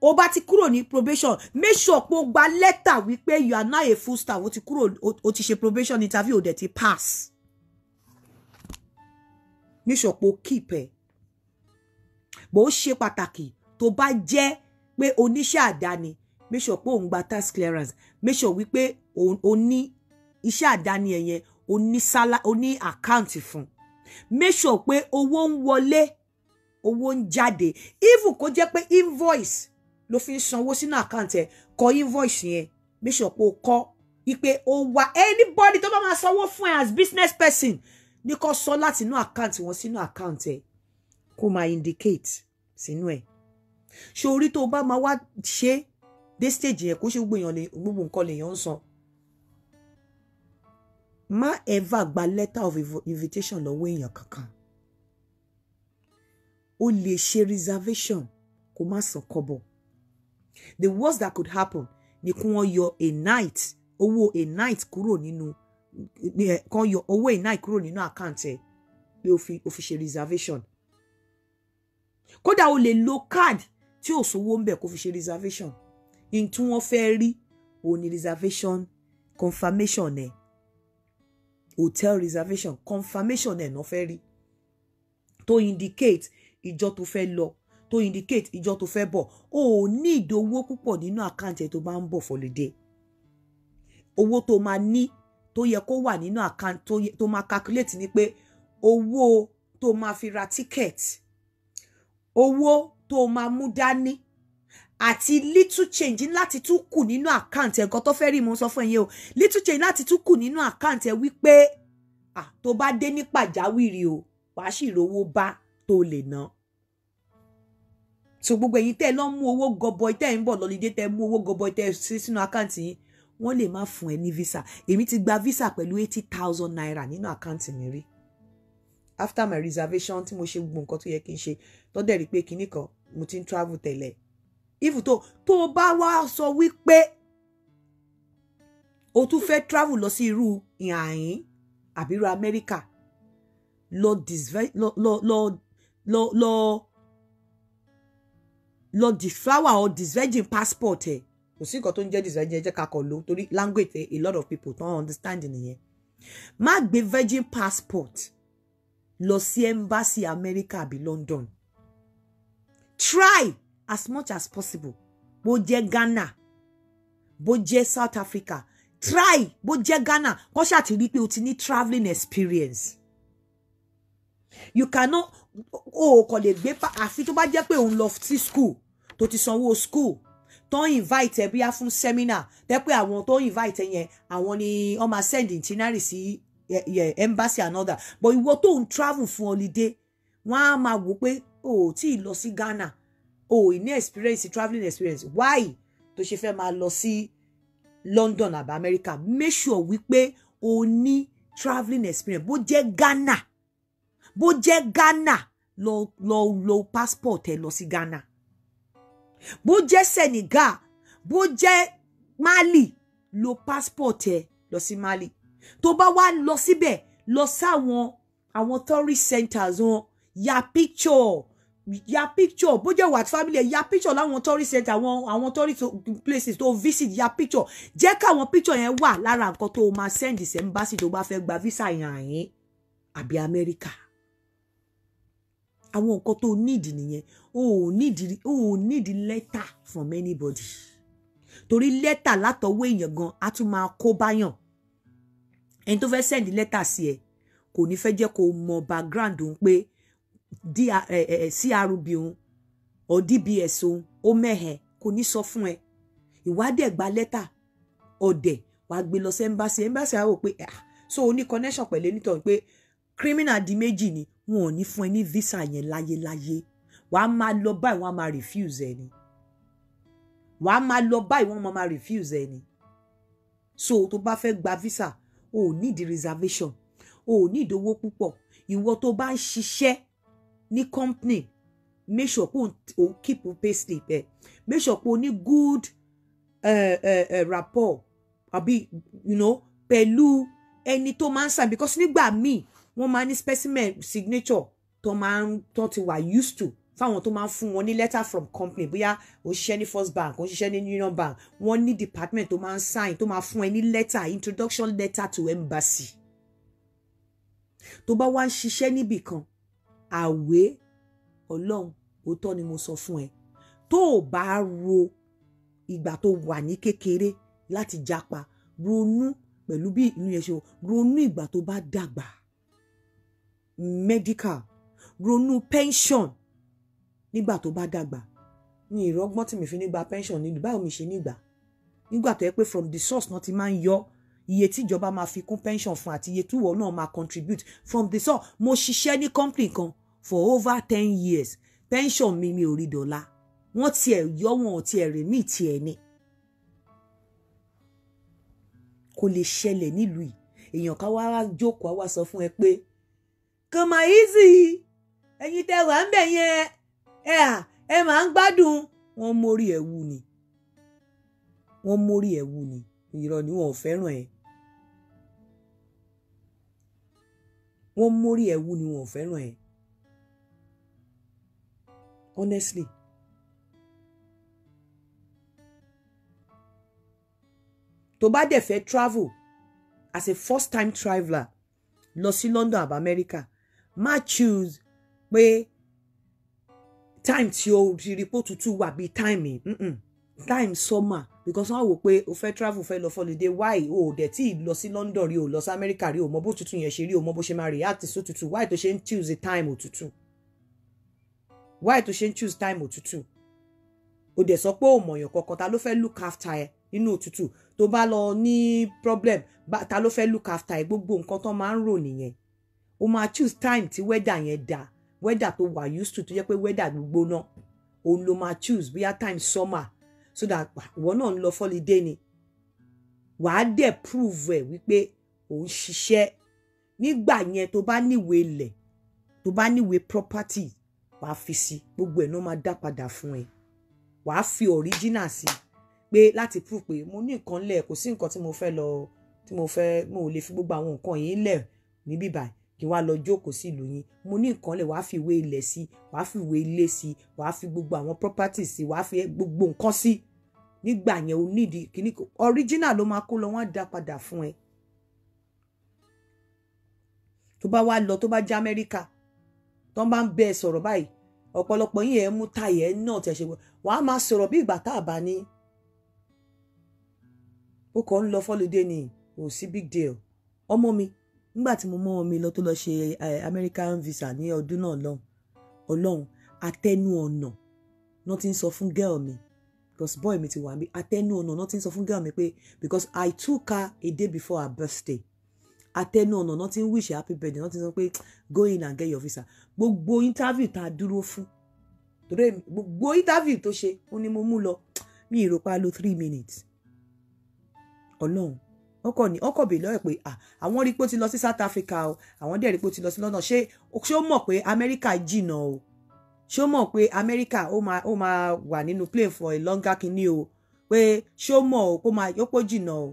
ó bá ti kuro ni probation make sure pé ó gba lẹ́tà wípé you are now a full star ó ti kúrò ó ti ṣe probation interview ó dẹ̀ ti pass make sure pé keep ẹ̀ bó ṣe pàtàkì tó bá jẹ́ pé oníṣẹ́ àdáni make sure pé òun gba tax clearance make sure wípé òun ní iṣẹ́ àdáni ẹ̀yẹn òun ní account fún make sure pé owó ń wọlé owó ń jáde even kó jẹ́ pé invoice ló fi ń sanwó sínú àkáǹtì ẹ̀ kọ invoice yẹn make sure pé o kọ ipe o wà anybody tó bá máa sanwó fún ẹ as business person ní kó sọ láti inú àkáǹtì wọn sínú àkáǹtì ẹ kó máa indicate sínú ẹ ṣé orí tó bá máa wá ṣe dé stage yẹn kó ṣe gbogbo nǹkan lèèyàn ń san má ever gba letter of invitation lọ́wọ́ èèyàn kankan o lè ṣe reservation kó má san kọ́bọ̀ the worst that could happen ni kí wọ́n yọ a night owó a night kúrò nínú kan yọ owó a night kúrò nínú account ẹ pé o fi ṣe reservation kódà o lè lo card tí ò sówó ń kó fi ṣe reservation in tí wọ́n fẹ́ rí òun ni reservation confirmation ẹ̀ hotel reservation confirmation ẹ̀ náà fẹ́ rí to indicate ìjọ tó fẹ́ lọ tó indicate ìjọ tó fẹ́ bọ̀ o ò ní ìdówó púpọ̀ nínú àkáǹtì ẹ̀ tó bá ń bọ̀ fọlùdé owó tó máa ní tó yẹ kó wà nínú àkáǹtì tó máa calculate ni pé owó tó máa fi ra ticket owó tó máa mú dání àti little change láti tún kù nínú àkáǹtì ẹ̀gọ́ tó fẹ́ rí mo sọ fún ẹ̀yin o little change láti tún kù nínú àkáǹtì ẹ̀ wípé ah, tó bá dé ní pàjáwìrì o wàá sì rówó bá tó lè ná so gbogbo ẹ̀yin tẹ́ lọ mú owó gọbọi tẹ́ ń bọ̀ lọlídé tẹ́ mú owó gọbọi tẹ́ sí sínú àkáǹtì yín wọ́n lè má fún ẹ ní visa èmi ti gba visa pẹ̀lú eighty thousand naira nínú àkáǹtì mi rí after my reservation tí mo ṣe gbogbo nǹkan tó yẹ kí n ṣe tọ́dẹ̀ rí pé kinní kan mo ti ń travel tẹ́lẹ̀ if tó tó o bá wá sọ wípé o tún fẹ́ travel lọ sí irú ìhàyín àbí irú Amẹ́ríkà lọ lọ lọ lọ flower or virgin passport ẹ kò sí nǹkan tó ń jẹ́ disvirgin ẹ jẹ́ ká kọ ló torí language a lot of people don't understand nìyẹn má gbé virgin passport lọ sí embassy America àbí London try as much as possible bó jẹ́ Ghana bó jẹ́ South Africa try bó jẹ́ Ghana kọ́ ṣàtìrí pé o ti ní travelling experience you cannot o kò lè gbé pa àfi tó bá jẹ́ pé òun lọ sí school tó ti sanwó school tó ń invite ẹ bíyá fún seminar tẹ́ pé àwọn tó ń invite ẹ yẹn àwọn ni wọ́n máa send itinerary sí embassy another but ìwọ tó ń travel fún holiday wọ́n á máa wò pé o ò tí ì lọ sí Ghana o ò ní experience traveling experience why tó ṣe fẹ́ máa lọ sí London àbí America make sure wípé o ní traveling experience bó jẹ́ Ghana bó jẹ́ Ghana lọ lọ lọ passport ẹ lọ sí Ghana bó jẹ́ Senegal bó jẹ́ Mali lọ passport ẹ lọ sí Mali tó bá wá lọ síbẹ̀ lọ sáwọn àwọn tourist centers wọn ya picture ya picture bó jẹ́ wàtí family ẹ̀ ya picture láwọn tourist center àwọn àwọn tourist places tó visit ya picture jẹ́ káwọn picture yẹn wà lára nǹkan tó o máa send sí embassy tó bá fẹ́ gba visa yàn yín àbí Amẹ́ríkà àwọn nǹkan tó need nìyẹn o ò need o need letter from anybody torí lẹ́tà látọwọ́ èèyàn gan a tún máa kó báyàn ẹni tó fẹ́ send lẹ́tà sí ẹ kò ní fẹ́ jẹ́ kó mọ background òun pé crb òun or dbs òun ó mẹ́hẹ̀ kò ní sọ fún ẹ ìwádìí ẹ̀gbá lẹ́tà ọ̀dẹ̀ wàá gbé lọ sí embassy embassy á wò pé ah, so o ní connection pẹ̀lú ẹni tó ń pé criminal di méjì ni wọn ò ní fún ẹ ní visa yẹn láyéláyé wàá máa lọ báyìí wọ́n á máa refuse ẹ ni wàá máa lọ báyìí wọ́n máa máa refuse ẹ so tó bá fẹ́ gba visa o ò ní di reservation o ò ní ìdówó púpọ̀ ìwọ tó bá ń ṣiṣẹ́ ní company make sure pé o keep pay slip ẹ make sure pé o ní good uh, uh, uh, rapport àbí you know pẹ̀lú ẹni tó máa ń sign because nígbà míì wọ́n máa ní specimen signature tó máa ń tó ti wà used to fáwọn tó máa ń fún wọn ní letter from company bóyá o ṣiṣẹ́ ní first bank o ṣiṣẹ́ ní union bank wọ́n ní department tó máa ń sign tó máa fún ẹ ní letter introduction letter to embassy tó bá wá ń ṣiṣẹ́ níbì kan àwé ọlọ́run òótọ́ ni mo sọ fún ẹ tó o bá ro ìgbà tó wà ní kékeré láti jápa ronú pẹ̀lú bí ìlú yẹn ṣe ronú ìgbà tó bá dàgbà medical ronú pension nígbà tó bá dàgbà ní ìrọ́gbọ́n tí mi fi nígbà pension ní báwo mi ṣe nígbà nígbà tó yẹ pé from the source náà ti máa ń yọ iye tí máa fi kún pension fún àti iye túwọ̀ náà máa contribute from the source mo ṣiṣẹ́ ní company kan for over ten years pension mi mi ò rí dọ́là wọ́n tiẹ̀ yọ wọn ò tiẹ̀ rè mí tiẹ̀ ni kò lè ṣẹlẹ̀ nílùú yìí èèyàn ká wá jókòó wá sọ fún ẹ pé kàn máa easy ẹ̀yin tẹ́ wà ń bẹ̀ yẹn ẹ à ẹ máa ń gbádùn wọn mórí ẹ̀ wù ni wọn mórí ẹ̀ wù ni irọ́ ni wọn ò fẹ́ràn ẹ̀ wọn mórí ẹ̀ wù ni wọn ò fẹ́ràn ẹ̀ honestly. tó bá dẹ̀ fẹ́ travel as a first time traveller lọ sí London àbá America má choose pé time tí o ti rí pò tútù wà bíi time mm -mm. time summer because wọn wò pé o fẹ́ travel fẹ́ lọ holiday why o ò dẹ̀ tí ì lọ sí London rí o lọ sí America rí o mọ bó tútù yẹn ṣe rí o mọ bó ṣe máa react sí òtútù why tó ṣe ń choose time òtútù why tó ṣe ń choose time òtútù o dẹ̀ sọ pé o mọ̀yàn kankan ta ló fẹ́ look after ẹ nínú òtútù tó bá lọ ní problem ta ló fẹ́ look after ẹ gbogbo nǹkan tó máa ń rò nìyẹn o máa choose time tí weather yẹn da weather tó wà used to tó jẹ́ pé weather gbígbóná òun ló máa choose bóyá time summer so that ìwọ náà ń lọ fọ́lidé ni wàá dẹ̀ prove ẹ̀ wípé òun ṣiṣẹ́ nígbà yẹn tó bá níwèé ilẹ̀ tó bá níwèé property wàá fi sí gbogbo ẹ̀ náà máa dá padà fún ẹ wàá fi original sí pé láti prove pé mo ní nǹkan lẹ̀ kò sí nǹkan tí mo fẹ́ lọ tí mo fẹ́ mo ò lè fi gbogbo àwọn nǹkan yìí lẹ̀ níbí báyìí kí wàá lọ jókòó sí ìlú yín mo ní nǹkan lẹ̀ wàá fi ìwé ilẹ̀ sí wàá fi ìwé ilé sí wàá fi gbogbo àwọn properties sí wàá fi gbogbo nǹkan sí nígbà yẹn o nídi kíní original ló máa kó lọ wọ́n á dá padà fún ẹ tó bá wá lọ tó bá já Amẹ́ríkà tó bá ń bẹ ẹ báyìí ọ̀pọ̀lọpọ̀ yín ẹ̀ mú táyà ẹ̀ náà tẹ̀ ṣe wàá máa sọ̀rọ̀ bí ìgbà tá a bá ní ó kàn ń lọ fọ́lùdé ni ò sí big deal ọmọ mi nígbà tí mo mọ omi lọ tó lọ ṣe eh, American visa ní ọdún náà lọ́hùn ọlọ́hun atẹnu ọ̀nà náà ti ń sọ fún girl mi because boy mi ti wà mí atẹnu ọ̀nà náà ti ń sọ fún girl mi pé because I took her a day before her birthday atẹnu ọ̀nà náà ti ń wish happy birthday náà ti sọ pé go in and get your visa gbogbo interview tá a dúró fún torí gbogbo interview tó ṣe ó ní mo mú lọ mi ì rò pa lo three minutes ọlọ́run wọ́n kọ̀ ní wọ́n kọ̀ bèèrè lọ́wọ́ pé àwọn rí pé ó ti lọ sí South Africa o àwọn dẹ̀ rí pé ó ti lọ sí London ṣé ṣé ó mọ̀ pé Amẹ́ríkà jìnà o ṣé ó mọ̀ pé Amẹ́ríkà ó máa ó máa wà nínú plane for a longer kinní o pé ṣé ó mọ̀ o kó máa yóò pọ̀ jìnà o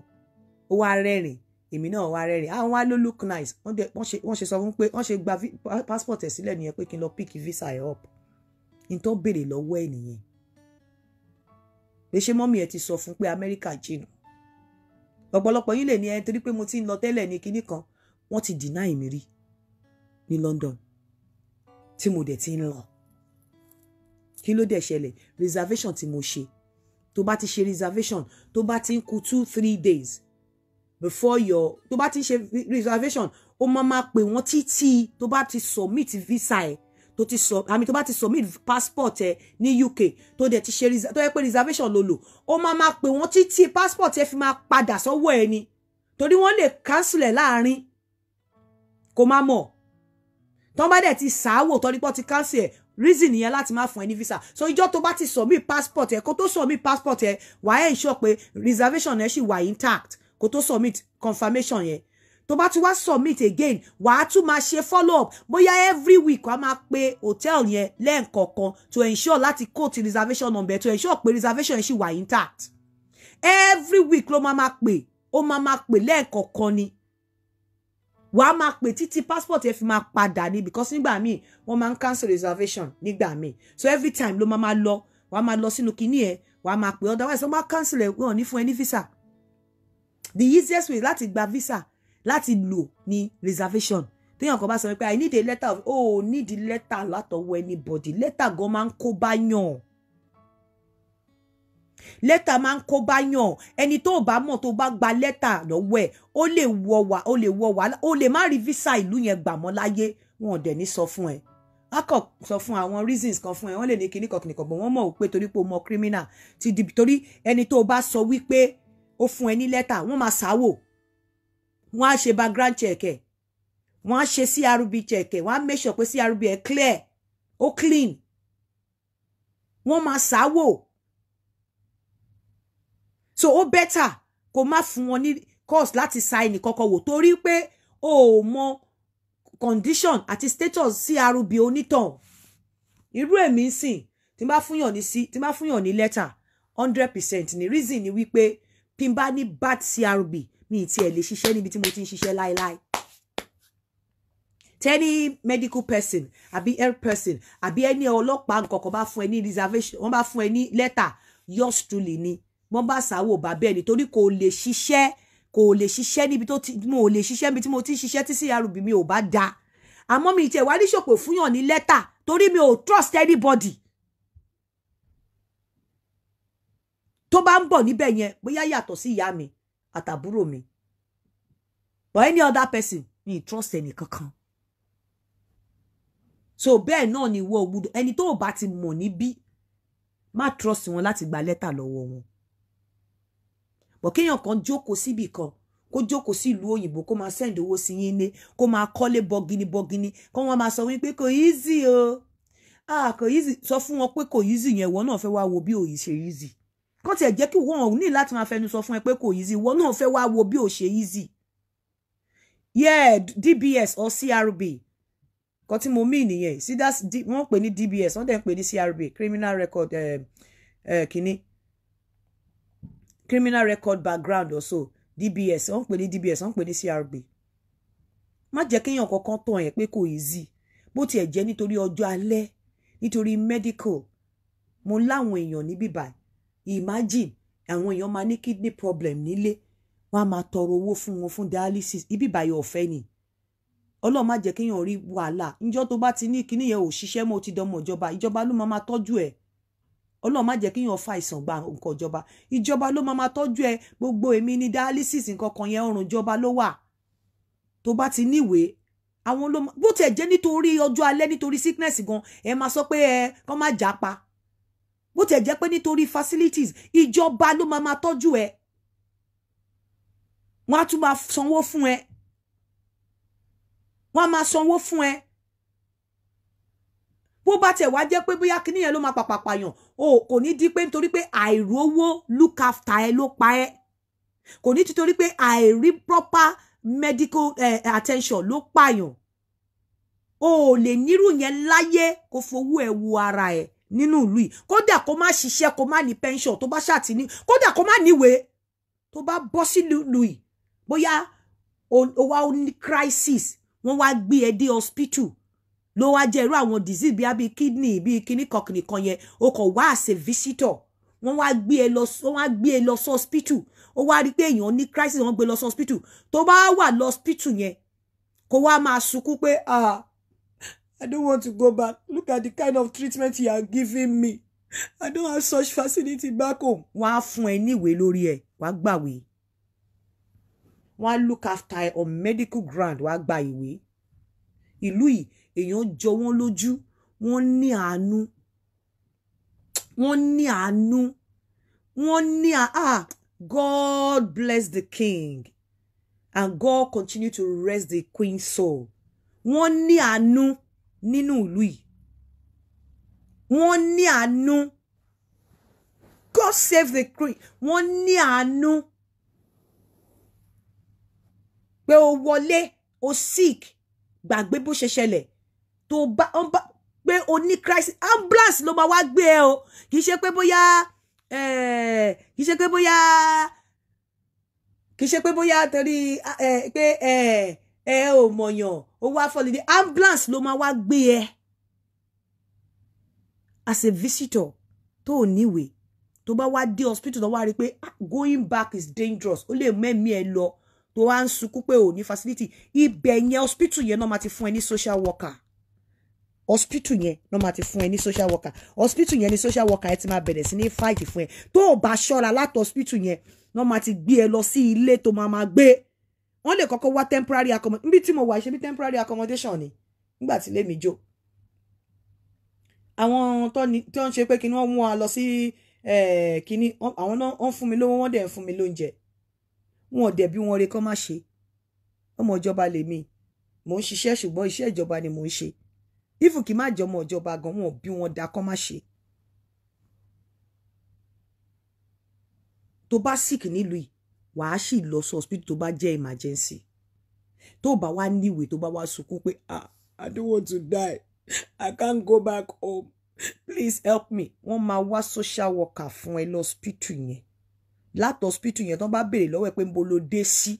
ó wá rẹ́rìn èmi náà wá rẹ́rìn àwọn wá ló look nice wọ́n ṣe sọ fún pé wọ́n ṣe gba passport ẹ̀ sílẹ̀ nìyẹn pé kí n lọ pick visa ẹ̀ up n tó béèrè lọ́wọ́ ẹ̀ nìyẹn pé ṣé mọ́mí ẹ ti sọ fún pé Amẹ́ríkà jìnà ọ̀pọ̀lọpọ̀ yín lè ní ẹni torí pé mo ti ń lọ tẹ́lẹ̀ ní kinní kan wọ́n ti deny mi rí ní London tí mo dẹ̀ ti ń lọ kí ló dẹ̀ ṣẹlẹ̀ reservation tí mo ṣe tó bá ti ṣe reservation tó bá ti ń ku two three days before your tó bá ti ṣe reservation ó máa máa pè wọ́n títí tó bá ti submit visa ẹ̀ tó ti sọ àmì tó bá ti submit passport ẹ ní UK tó dẹ̀ ti ṣe tó yẹ pé reservation ló lò ó máa máa pè wọ́n títí passport ẹ fi máa padà sọ́wọ́ ẹ ni torí wọ́n lè cancel ẹ̀ láàrin kó má mọ̀ tọ́n bá dẹ̀ ti sàáwò torí pọ́ ti cancel ẹ̀ reason yẹn láti má fún ẹ ní visa so ìjọ tó bá ti submit passport ẹ kó tó submit passport ẹ wàá ensure pé reservation ẹ ṣì wà intact kó tó submit confirmation yẹn tó bá ti wá submit again wàá tún máa ṣe follow up bóyá every week wàá máa pe hotel yẹn lẹ́ẹ̀kọ̀ọ̀kan to ensure láti quote reservation number to ensure pé reservation yẹn ṣì wà intact every week ló máa máa pè ó máa máa pè lẹ́ẹ̀kọ̀ọ̀kan ni wàá máa pè títí passport yẹn fi máa padà ni because nígbà míì wọ́n máa ń cancel reservation nígbà míì so every time ló máa máa lọ wàá máa lọ sínú kinní ẹ wàá máa pè otherwise wọ́n máa cancel ẹ̀ wọ́n ní fún ẹ ní visa the easiest way láti gba visa láti lò ní reservation téèyàn kan bá sọ pé i need a letter of oh need a letter látọwọ́ anybody letter gan máa ń kó bá yàn lẹ́tà máa ń kó bá yàn ẹni tó bá mọ̀ tó bá gba lẹ́tà lọ́wọ́ ẹ̀ ó lè wọ wà ó lè wọ wà ó lè má rí visa ìlú yẹn gbà mọ́ láyé wọn ò dẹ̀ ní sọ fún ẹ a kò sọ fún àwọn reasons kan fún ẹ wọn lè ní kíní kọkìnì kan wọn mọ̀ pé torí pé o mọ criminal ti di torí ẹni tó bá sọ wípé ó fún ẹ ní lẹ́tà wọ́n máa sáwò wọ́n á ṣe background check ẹ̀ wọ́n á ṣe crb check ẹ̀ wọ́n á make sure pé crb ẹ̀ clear ó clean wọ́n máa ṣàwò so ó better, kó má fún wọn ní course láti sa ẹnì kọ́kọ́ wò torí pé o ò mọ condition àti status crb onítàn irú èmi ń sìn tí n bá fúnyàn ní sí tí n bá fúnyàn ní lẹ́tà hundred percent ni reason ni wípé pin bá ní bad crb mi ì tiẹ̀ lè ṣiṣẹ́ níbi tí mo ti ń ṣiṣẹ́ láéláé tẹ́ni medical person àbí health person àbí ẹni ọlọ́pàá nǹkan kan bá fún ẹ ní reservation wọ́n bá fún ẹ ní lẹ́tà yours truly ni wọ́n bá sáwò bàbá ẹni torí kò lè ṣiṣẹ́ kò lè ṣiṣẹ́ níbi tó ti mo lè ṣiṣẹ́ níbi tí mo ti ń ṣiṣẹ́ tí crb mi ò bá da àmọ́ mi tiẹ̀ wá níṣòpò fúnyàn ní letter. torí mi ò trust anybody tó bá ń bọ̀ níbẹ̀ yẹn bóyá yàtọ̀ sí ìyá mi àtàbúrò mi but any other person mi trust ẹnì kankan so bẹ́ẹ̀ náà ni ìwọ gbọ́dọ̀ ẹni tó o bá ti mọ̀ níbí má trust wọn láti gba lẹ́tà lọ́wọ́ wọn but kéèyàn kan jókòó síbì kan kó jókòó sí ìlú òyìnbó kó máa send owó sí yín ní kó máa kọ́lé bọ́gìnì bọ́gìnì kó wọ́n máa sọ wípé kò easy o ah kò easy sọ fún wọn pé kò easy yẹn ìwọ náà fẹ́ wá wo bí òyìn ṣe easy kàn tiẹ̀ jẹ́ kí wọ́n ò ní láti máa fẹnu sọ fún ẹ pé kò easy ìwọ náà fẹ́ wá wo bí ò ṣe easy yeah dbs or crb kan tí mo mean nìyẹn sidas wọ́n pè ní dbs wọ́n dẹ̀ ń pè ní crb criminal record uh, kínní criminal record background also dbs wọ́n pè ní dbs wọ́n pè ní crb má jẹ́ kéèyàn kankan tàn ẹ́ pé kò easy bó tiẹ̀ jẹ́ nítorí ọjọ́ alẹ́ nítorí medical mo láwọn èèyàn níbí báyìí imagine àwọn èèyàn máa ní kidney problem nílé wọ́n á máa tọrọ owó fún wọn fún dialysis ibi ìbàyọ̀ ọ̀fẹ́ ni ọlọ́run má jẹ́ kéèyàn rí wàhálà níjọ́ tó bá ti ní kinní yẹn ò ṣiṣẹ́ mọ́ ti dọmọ ìjọba ìjọba ló máa máa tọ́jú ẹ̀ ọlọ́run má jẹ́ kéèyàn fa àìsàn gba nǹkan ìjọba ìjọba ló máa máa tọ́jú ẹ gbogbo èmi ní dialysis nǹkan kan yẹn ọrùn ìjọba ló wà tó bá ti níwèé àwọn ló bó tiẹ̀ jẹ́ nítorí ọjọ́ alẹ́ nítorí sickness gan ẹ máa sọ pé ẹ kọ́ má jà bó tiẹ̀ jẹ́ pé nítorí facilities ìjọba ló máa máa tọ́jú ẹ wọ́n á tún máa sanwó fún ẹ wọ́n á máa sanwó fún ẹ bó bá tẹ̀ wá jẹ́ pé bóyá kíní yẹn ló máa pàpàpà yàn o kò ní di pé nítorí pé àìrówó look after ẹ ló pa ẹ kò ní títorí pé àìrí proper medical eh, attention ló pààyàn o ò lè nírú yẹn láyé kó fowó ẹ wo ara ẹ. E nínú ìlú yìí kódà kó má ṣiṣẹ́ kó má ní pension tó bá ṣàtì ní kódà kó má níwèé tó bá bọ́ sílùú yìí bóyá o wá ní crisis wọ́n wá gbé ẹ dé hospital ló wá jẹ́ irú àwọn disease bíi àbí kidney bíi kíní kọkìnì kan yẹn o kò wá as visitor wọ́n wá gbé ẹ lọ wọ́n wá gbé ẹ lọ sí hospital ó wá rí pé èèyàn ní crisis wọ́n gbé lọ sí hospital tó bá wà lọ hospital yẹn kó wá máa sunkún pé ah I don't want to go back. Look at the kind of treatment you are giving me. I don't have such facility back home. Wọ́n á fún ẹ níwèé lórí ẹ̀, wàá gbàwé. Wọ́n á look after ẹ on medical ground, wàá gba ìwé. Ìlú yìí, èèyàn jọ wọ́n lójú, wọ́n ní àánú. Wọ́n ní àánú. Wọ́n ní àá. Ah, God bless the king and God continue to rest the queen's soul. Wọ́n ní àánú nínú ìlú yìí wọ́n ní àánú God save the queen wọ́n ní àánú pé o wọlé o sick gbàgbé bó ṣe ṣẹlẹ̀ tó bá pé o ní crisis ambulance ló máa wá gbé ẹ o kì í ṣe pé bóyá eh, kì í ṣe pé bóyá kì í ṣe pé bóyá torí eh, pé eh, ẹ ò mọ̀yàn ó wá fọ́lídé ambulance ló máa wá gbé ẹ as a visitor tó ò níwèé tó bá wá dé hospital náà wá rí i pé ah, going back is dangerous ó lè mẹ́mí ẹ lọ tó wá ń sunkún pé ò ní facility ibẹ̀ yẹn hospital yẹn náà máa ti fún ẹ ní social worker hospital yẹn ló máa ti fún ẹ ní social worker hospital yẹn ni social worker ẹ ti máa bẹ̀rẹ̀ sí ní fight fún ẹ tó o bá ṣọ́ra láti hospital yẹn ló máa ti gbé ẹ lọ sí ilé tó máa máa gbé wọ́n lè kọ́kọ́ wá temporary accommodation níbi tí mo wà ṣe bí temporary accommodation ni nígbà tí lèmi jó àwọn tó ń ṣe pé kí ni wọ́n mú wa lọ sí kíní àwọn náà wọ́n fún mi lówó wọ́n dẹ̀ ń fún mi lóúnjẹ wọn ò dẹ̀ bí wọn re kọ́ má ṣe ọmọ ìjọba lèmi mò ń ṣiṣẹ́ ṣùgbọ́n iṣẹ́ ìjọba ni mò ń ṣe ífù kí má jọmọ ìjọba gan wọn bí wọn dá kọ́ má ṣe. tó bá sick nílùú yìí wàá sì lọ sí hospital tó bá jẹ́ emergency tó bá wá níwèé tó bá wá sunkún pé ah i don't want to die i can't go back home please help me wọ́n máa wá social worker fún ẹ lọ hospital yẹn láti hospital yẹn tó bá béèrè lọ́wọ́ ẹ pé ń bo lo dé sí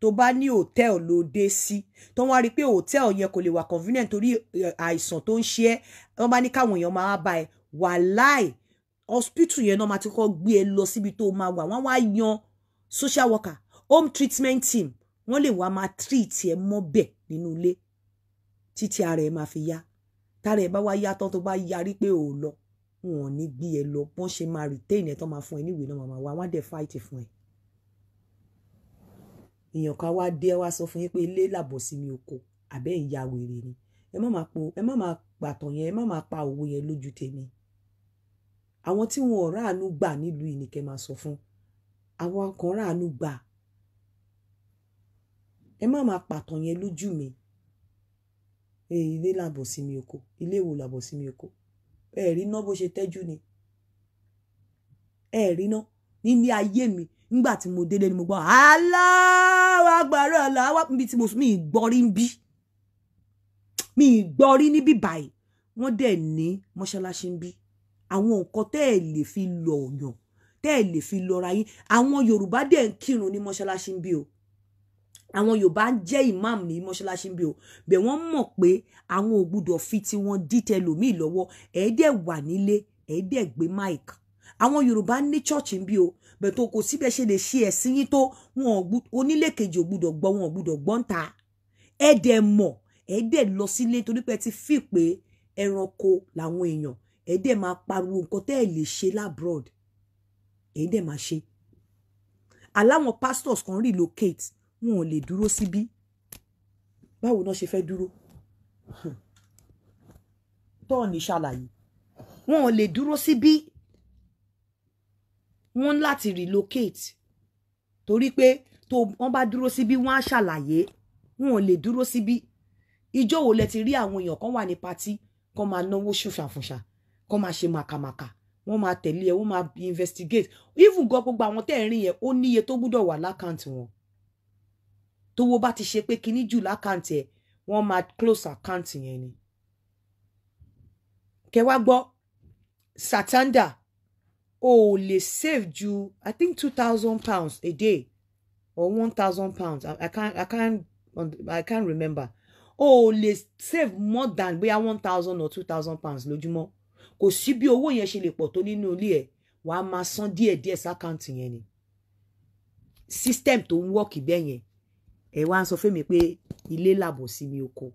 tó bá ní hòtẹ́ẹ̀lì ló dé sí tó wá rí i pé hòtẹ́ẹ̀lì yẹn kò lè wà convenient torí àìsàn tó ń ṣe ẹ́ wọ́n bá ní káwọn èèyàn máa bá ẹ wàláì hospital yẹn náà máa ti kọ́ gbé ẹ lọ síbi tó máa wà wọ́n wá yan social worker home treatment team wọ́n lè wá máa treat ẹ mọ́ bẹ̀ nínú ilé títí ara ẹ máa fi yá tára ẹ bá wá yá tán tó bá yarí pé ò lọ wọn ní gbé ẹ lọ wọ́n ṣe máa retain ẹ tán máa fún ẹ níwèé náà màmá wa wọ́n dẹ̀ fight fún ẹ. èèyàn kan wá dé wá sọ fún yín pé ilé làbọ̀ sí mi oko àbẹ́ ìyá wèrè ni ẹ má máa po ẹ má máa pàtàn yẹn ẹ má máa pa òwe yẹn lójú tèmi àwọn tí wọn ò ráàánú gbà nílùú yìí ni kẹ́ máa sọ fún àwa kan ràánú gbà ẹ má máa pàtàn yẹn lójú mi ẹ ilé làbọ̀ sí mi oko ilé ìwò làbọ̀ sí mi oko ẹ rí iná bó ṣe tẹ́jú ni ẹ rí iná nílé ayé mi nígbà tí mo délé ni mo gbọ́ aláwọ̀ agbára làwọn níbi tí mo sùn mí gbọ́rí ń bí mi gbọ́rí níbí báyìí wọ́n dẹ̀ ní mọ́ṣáláṣí ń bí àwọn nǹkan tẹ́ ẹ̀ lè fi lọ tẹ́ ẹ̀ lè fi lọ́ra yín àwọn yorùbá dẹ̀ ń kírun ní mọ́ṣáláṣí ń bí o àwọn yorùbá jẹ́ imam ní mọ́ṣáláṣí ń bí o bẹ̀ wọ́n mọ̀ pé àwọn ò gbúdọ̀ fi tiwọn dítẹ̀ lòmíì lọ́wọ́ ẹ̀ẹ́dẹ̀ wà nílé ẹ̀ẹ́dẹ̀ gbé mic àwọn yorùbá ní church ń bí o bẹ̀ tó kò síbẹ̀ ṣe lè ṣe ẹ̀sìn yín tó wọn onílé kejì ò gbúdọ̀ gbọ́ wọn ò gbúdọ̀ gbọ́ ń ta ẹ̀ẹ́dẹ̀ mọ̀ ẹ̀ẹ́dẹ̀ lọ sílé torí pé ti fi pé ẹranko làwọn èèyàn ẹ̀ẹ́dẹ̀ máa pariwo nǹkan tẹ́ ẹ̀ lè ṣe labroad ẹ̀yin dẹ̀ máa ṣe aláwọn pastors kan relocate wọn ò lè dúró síbí báwo náà ṣe fẹ́ dúró hmm. tọ́ọ̀nì ṣàlàyé wọn ò lè dúró síbí wọn láti relocate torí pé tó wọn bá dúró síbí wọn á ṣàlàyé wọn ò lè dúró síbí ìjọ wo lẹ ti rí àwọn èèyàn kan wà ní patí kan máa náwó ṣùṣàfùṣà kan máa ṣe màkàmàkà wọ́n máa tẹ̀lé ẹ wọ́n máa investigate even gan gbogbo àwọn tẹ́ ẹ̀ rìn yẹn ó níye tó gbúdọ̀ wà lákàǹtì wọn tówó bá ti ṣe pé kinní jù lákàǹtì ẹ wọ́n máa close àkáǹtì yẹn ni kẹwàá gbọ́ Satanda o oh, lè save ju i think two thousand pounds a day or one thousand pounds i can't i can't i can't remember o oh, lè save more than bóyá one thousand or two thousand pounds lójúmọ́ kò sí bí owó yẹn ṣe lè pọ̀ tó nínú ilé ẹ̀ wàá máa san díẹ̀díẹ̀ sákàǹtì yẹn ni system tó ń wọ́ọ̀kì bẹ́ẹ̀ yẹn ẹ wá ń sọ fún mi pé ilé làbọ̀ sí mi oko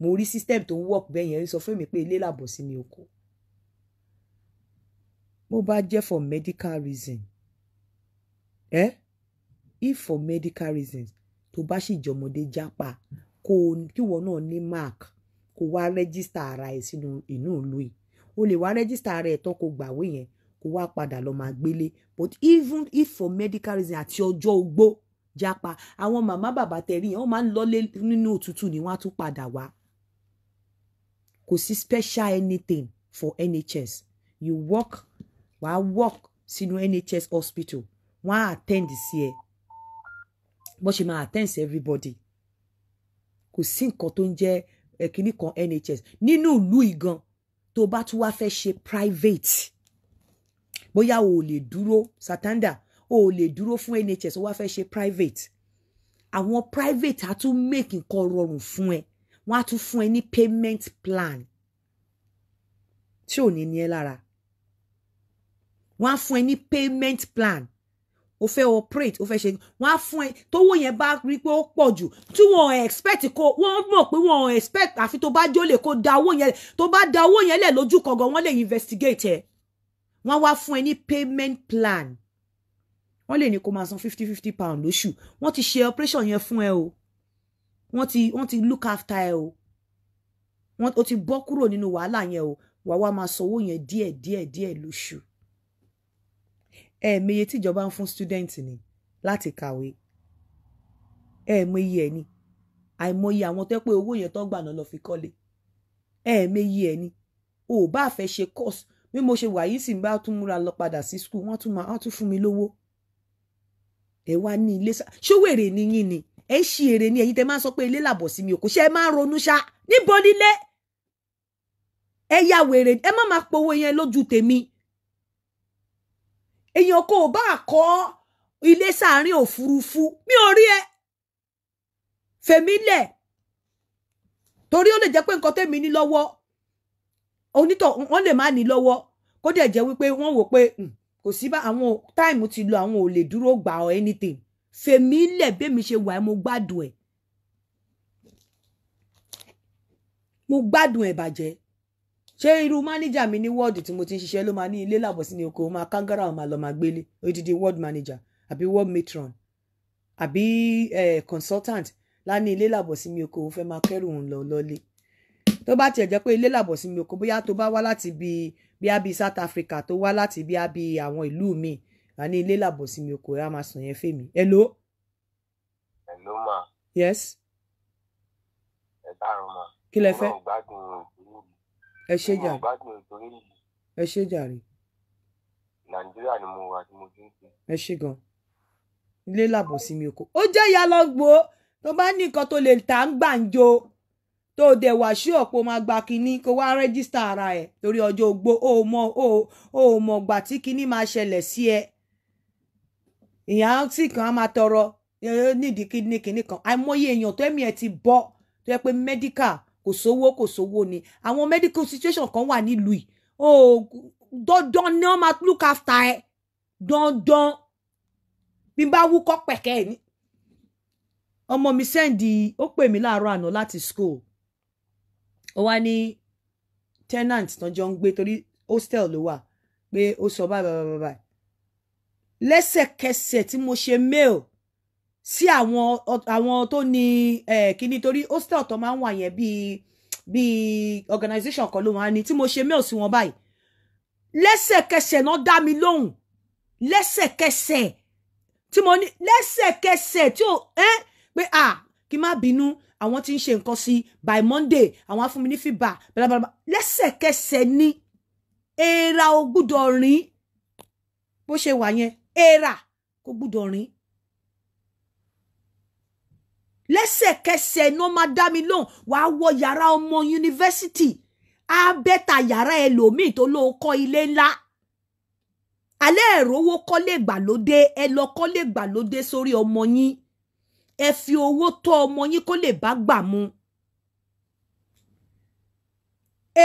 mo rí system tó ń work bẹ́ẹ̀ yẹn ń sọ fún mi pé ilé làbọ̀ sí mi oko mo bá jẹ́ for medical reason ẹ eh? if for medical reasons tó bá sì jọmọdé jápa kó kíwọ náà ní mark kó wá rẹ́gísítà ara ẹ̀ sínú inú ìlú yìí o lè wá rẹ́gísítà ara ẹ̀ tó kò gbàwé yẹn kó wá padà lọ máa gbélé but even if for medical reason àti ọjọ́ ogbó japa àwọn màmá bàbá tẹ̀rí yẹn wọ́n máa ń lọlé nínú òtútù ni wọ́n á tún padà wá kò sí special anything for NHS you work wàá work sínú NHS hospital wọ́n á attend sí ẹ bó ṣe máa attend sí everybody kò sí nǹkan tó ń jẹ́ ẹ̀kíní eh, kan NHS nínú ìlú ìgan tó bá tún wá fẹ́ ṣe private bóyá o ò lè dúró Santander o ò lè dúró fún NHS o wá fẹ́ ṣe private àwọn private á tún make nǹkan rọrùn fún ẹ wọ́n á tún fún ẹ ní payment plan tí ò ní ní ẹ lára wọ́n á fún ẹ ní payment plan o fẹ́ operate o fẹ́ ṣe wọ́n á fún ẹ tówó yẹn bá rí pé ó pọ̀ jù tí wọ́n expect kó wọ́n mọ̀ pé wọ́n expect àfi tó bá jólè kó da owó yẹn tó bá da owó yẹn lẹ̀ lójú kọ̀ọ̀kan wọ́n lè investigate ẹ̀ wọ́n wá fún ẹ ní payment plan wọ́n lè ní kó máa san fifty fifty pound lóṣù wọ́n ti ṣe operation yẹn fún ẹ o wọ́n ti wọ́n ti look after ẹ o wọ́n o ti bọ́ kúrò nínú wàhálà yẹn o wàá wá máa sanwó yẹn díẹ̀ díẹ̀ díẹ̀ lóṣù ẹ̀ẹ̀mẹyẹ tí ìjọba ń fún student ni láti kàwé ẹ̀ẹ̀mẹyẹ ẹ̀ ni àìmọye àwọn tó pé owó yẹn tó gbà náà lọ fi kọ́lé ẹ̀ẹ̀mẹyẹ ẹ̀ ni ò bá fẹ́ ṣe course bí mo ṣe wà yìí sì ń bá tún múra lọ padà sí school wọ́n tún máa tún fún mi lówó ẹ wá ní ilé sá ṣówèrè ni yín ni ẹ ṣí èrè ni ẹ̀yin tẹ́ máa ń sọ pé ilé làbọ̀ sí mi ò kò ṣe é máa ń ronú ṣá níbo nílé ẹ ya wèrè ẹ má máa powó yẹn lójú tèmi èèyàn kò bá kọ́ ilé sáàrin òfurufú mi ò rí ẹ fèmí lẹ̀ torí ó lè jẹ́ pé nǹkan tèmi ní lọ́wọ́ onítọ̀ wọ́n lè má ní lọ́wọ́ kó dẹ̀ jẹ́ wípé wọ́n wò pé hmm, kò sí bá àwọn táìmù ti lọ àwọn ò lè dúró gbà ọ anything fèmí lẹ̀ bẹ́mi ṣe wà ẹ́ mo gbádùn ẹ̀ mo gbádùn ẹ̀ bàjẹ́ ṣé irú mánéjà mi ní wọ́ọ̀dù tí mo ti ń ṣiṣẹ́ ló máa ní ilé làbọ̀ sí ní oko máa kángárà máa lọ máa gbélé odidi ward manager àbí ward matron àbí eh, consultant láni ilé làbọ̀ sí mi oko fẹ́ máa kẹ́rù òun lọ lọ́lé tó bá tiẹ̀ jẹ́ pé ilé làbọ̀ sí mi oko bóyá tó bá wá láti bí bí àbí South Africa tó wá láti bí àbí àwọn ìlú mi láni ilé làbọ̀ sí mi oko ẹ̀ máa sàn yẹn fèmí. hello. hello ma. yes. ẹ dáhùn ma. kí lẹ fẹ́. mo gbádùn ẹ ṣé jàre ẹ ṣé jàre. nàìjíríà ni mo wà tí mo ti ń ṣe. ẹ ṣé gan ilé làbọ̀ sí mi oko ó jẹ́ ìyá lọ gbó tó bá ní nǹkan tó lè ta ń gbàǹjo tó dẹ̀ wá sí ọ̀pọ̀ máa gba kinní kó wá rẹ́gísítà ara ẹ̀ torí ọjọ́ ogbó ó mọ ó mọ gbà tí kinní máa ṣẹlẹ̀ sí ẹ ìyá sì kàn á máa tọrọ nídìí kíní kinní kan àìmọye èèyàn tó ẹ̀mí ẹ̀ ti bọ́ tó yẹ pé mẹ́díkà kò sówó kò sówó ni àwọn medical situation kan wà nílùú yìí o dandan ni wọn máa look after ẹ dandan bí n bá wúkọ́ pẹ̀kẹ́ ẹ̀ ní. ọmọ mi sẹ́ndì ó pè mí láàárọ̀ àná láti school ó wá ní tenant tán jọ ń gbé torí hostel ló wà pé ó sọ báyìí báyìí báyìí lẹ́sẹ̀kẹsẹ̀ tí mo ṣe mail sí àwọn àwọn tó ní kíní torí hostel tó máa ń wà yẹn bíi bíi organization kan ló máa ní tí mo ṣe mail sí wọn báyìí lẹ́sẹ̀kẹsẹ̀ náà dá mi lóhùn lẹ́sẹ̀kẹsẹ̀ tí mo ní lẹ́sẹ̀kẹsẹ̀ tí ò ẹ́ pé à kí n má bínú àwọn tí ń ṣe nǹkan sí by monday àwọn á fún mi ní fìbà bàbàbà lẹ́sẹ̀kẹsẹ̀ ni era ò gbúdọ̀ rìn bó ṣe wà yẹn èèrà kò gbúdọ̀ rìn lẹ́sẹ̀kẹsẹ̀ ni wọ́n máa dá mi lóhùn wàá wọ yàrá ọmọ yunifásitì á bẹ́ta yàrá ẹlòmíì tó lóun kọ́ ilé ńlá alẹ́ ẹ̀rọwó kọ́lé gbàlódé ẹ lọ kọ́lé gbàlódé sórí ọmọ yín ẹ fi owó tọ́ ọmọ yín kó lè bá gbà mu.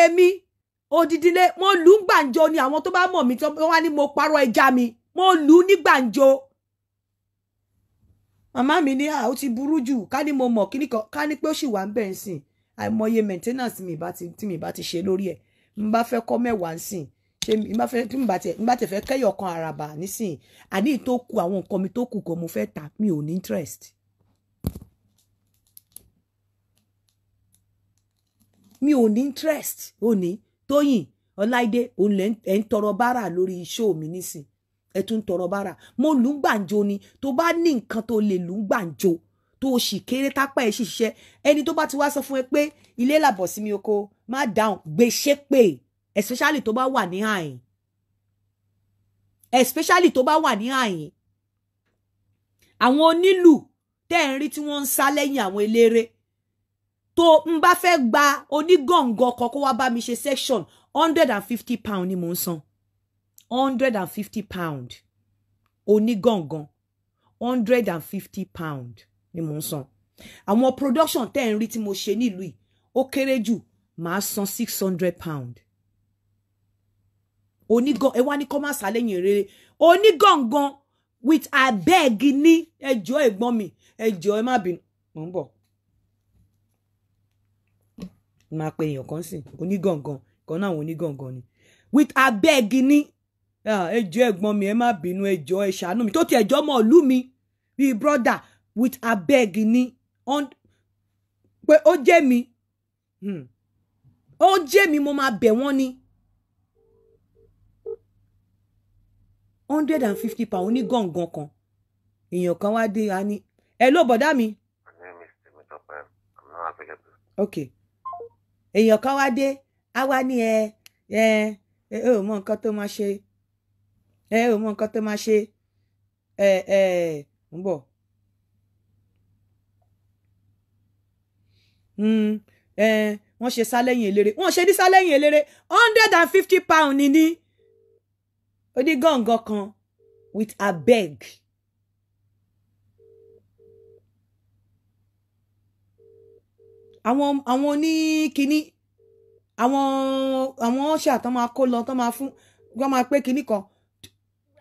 èmi odidile mo lù ú gbàǹjo ni àwọn tó bá mọ̀ mi tó wá ní mo parọ́ ẹja mi mo lù ú ní gbàǹjo màmá mi ní àwọn ti burú jù ká ní mo mọ̀ kíní kan ká ní pé ó sì wà ń bẹ̀ ń sìn àìmọye maintenance mi tí mi bá ti ṣe lórí ẹ̀ n bá fẹ́ kọ́ mẹ́wàá ń sìn ṣe n bá fẹ́ tí n bá tẹ̀ n bá tẹ̀ fẹ́ kẹ́yọ̀ kan àràbà nísìn àní tó ku àwọn nǹkan mi tó kù kan mo fẹ́ tà mi ò ní interest. mi ò ní interest òní Tóyìn Ọláìdé òun lẹ ń tọrọ bárà lórí show mi nísìn ẹ tún tọrọ bára mo lù ń gbàǹjo ni tó bá ní nǹkan tó lè lù ń gbàǹjo tó o sì kéré tápá ẹ sì ṣiṣẹ́ ẹni tó bá ti wá sọ fún ẹ pé ilé làbọ̀ sí mi oko má dáhùn gbèsè pé especially tó bá wà ní àyìn especially tó bá wà ní àyìn àwọn onílù tẹ́ ń rí tí wọ́n ń sá lẹ́yìn àwọn eléré tó ń bá fẹ́ gba onígọ̀ǹgọ̀ kan kó wá bá mi ṣe section hundred and fifty pound ni mò ń san hundred and fifty pound onígangan hundred and fifty pound ni mo ń san àwọn production tẹ́ ẹ̀ ń rí tí mo ṣe nílùú yìí ó kéré jù màá san six hundred pound onígan ẹ wá ní kọ́másá lẹ́yìn rere onígangan with abeg ní ẹjọ́ ẹ̀gbọ́n mi ẹjọ́ ẹ má bínú mò ń bọ̀ máa pe èèyàn kan sí onígangan kan náà àwọn onígangan ni with abeg ní ẹjọ́ ẹ̀gbọ́n mi ẹ má bínú ẹjọ́ ẹ ṣàánú mi tó ti ẹjọ́ mọ̀ ìlú mi bíi brother with abeg ni pé ó jẹ́ mi hmm. ó jẹ́ mi mo máa bẹ̀ wọ́n ni hundred and fifty pound ní gọ̀ǹgàn kan èèyàn kan wá dé ani ẹ ló bọ̀dá mi. ok èèyàn kan wá dé á wá ní ẹ ẹ ẹ ò mọ nǹkan tó máa ṣe ẹ ò mọ nǹkan tó máa ṣe ẹ ẹ ń bọ̀. Hmm, wọ́n ṣe sálẹ́yìn eléré wọ́n ṣe ní sálẹ́yìn eléré hundred and fifty pound ni ní onígàngàn kan with abeg. àwọn àwọn oníkíní àwọn àwọn ṣe àtọ́ máa kó lọ tọ́ máa fún wọ́n máa pé kinní kan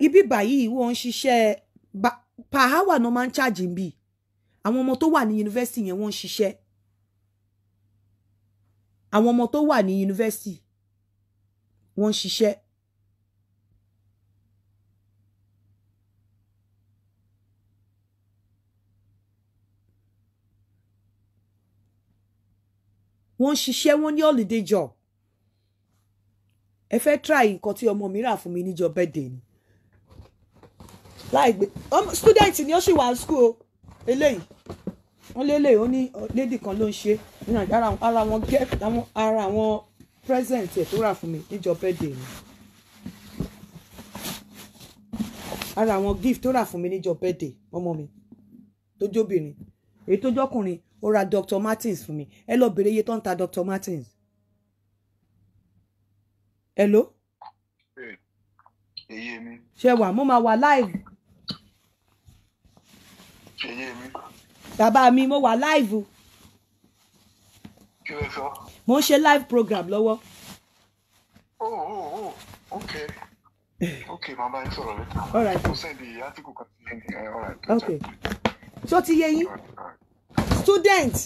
ibi báyìí wọ́n ń ṣiṣẹ́ per hour náà máa ń ṣáàjì ń bì àwọn ọmọ tó wà ní yunifásitì yẹn wọ́n ń ṣiṣẹ́ àwọn ọmọ tó wà ní yunifásitì wọ́n ń ṣiṣẹ́. wọ́n ń ṣiṣẹ́ wọ́n ní holiday job ẹ fẹ́ try nǹkan tí ọmọ mi rà fún mi níjọ́ birthday ni láì gbé student ni ó sì wà school o eléyìí wọ́n lélẹ̀ ó ní lady kan ló ń ṣe ara wọn get ara wọn present ẹ̀ tó rà fún mi níjọ birthday mi ara àwọn gift tó rà fún mi níjọ birthday ọmọ mi tó jóbìnrin èyí tó jọkùnrin ó ra Dr. Martins fún mi ẹ lọ bèrè iye tó ń ta Dr. Martins hello. ṣe wà mo máa wà live bàbá mi mo wà live o mo ń ṣe live program lọ́wọ́. oh oh oh okay okay màmá yín sọ̀rọ̀ lẹ́tà. all right mo send the article kan sí ẹni eh, all right. okay ṣó ti yé yín student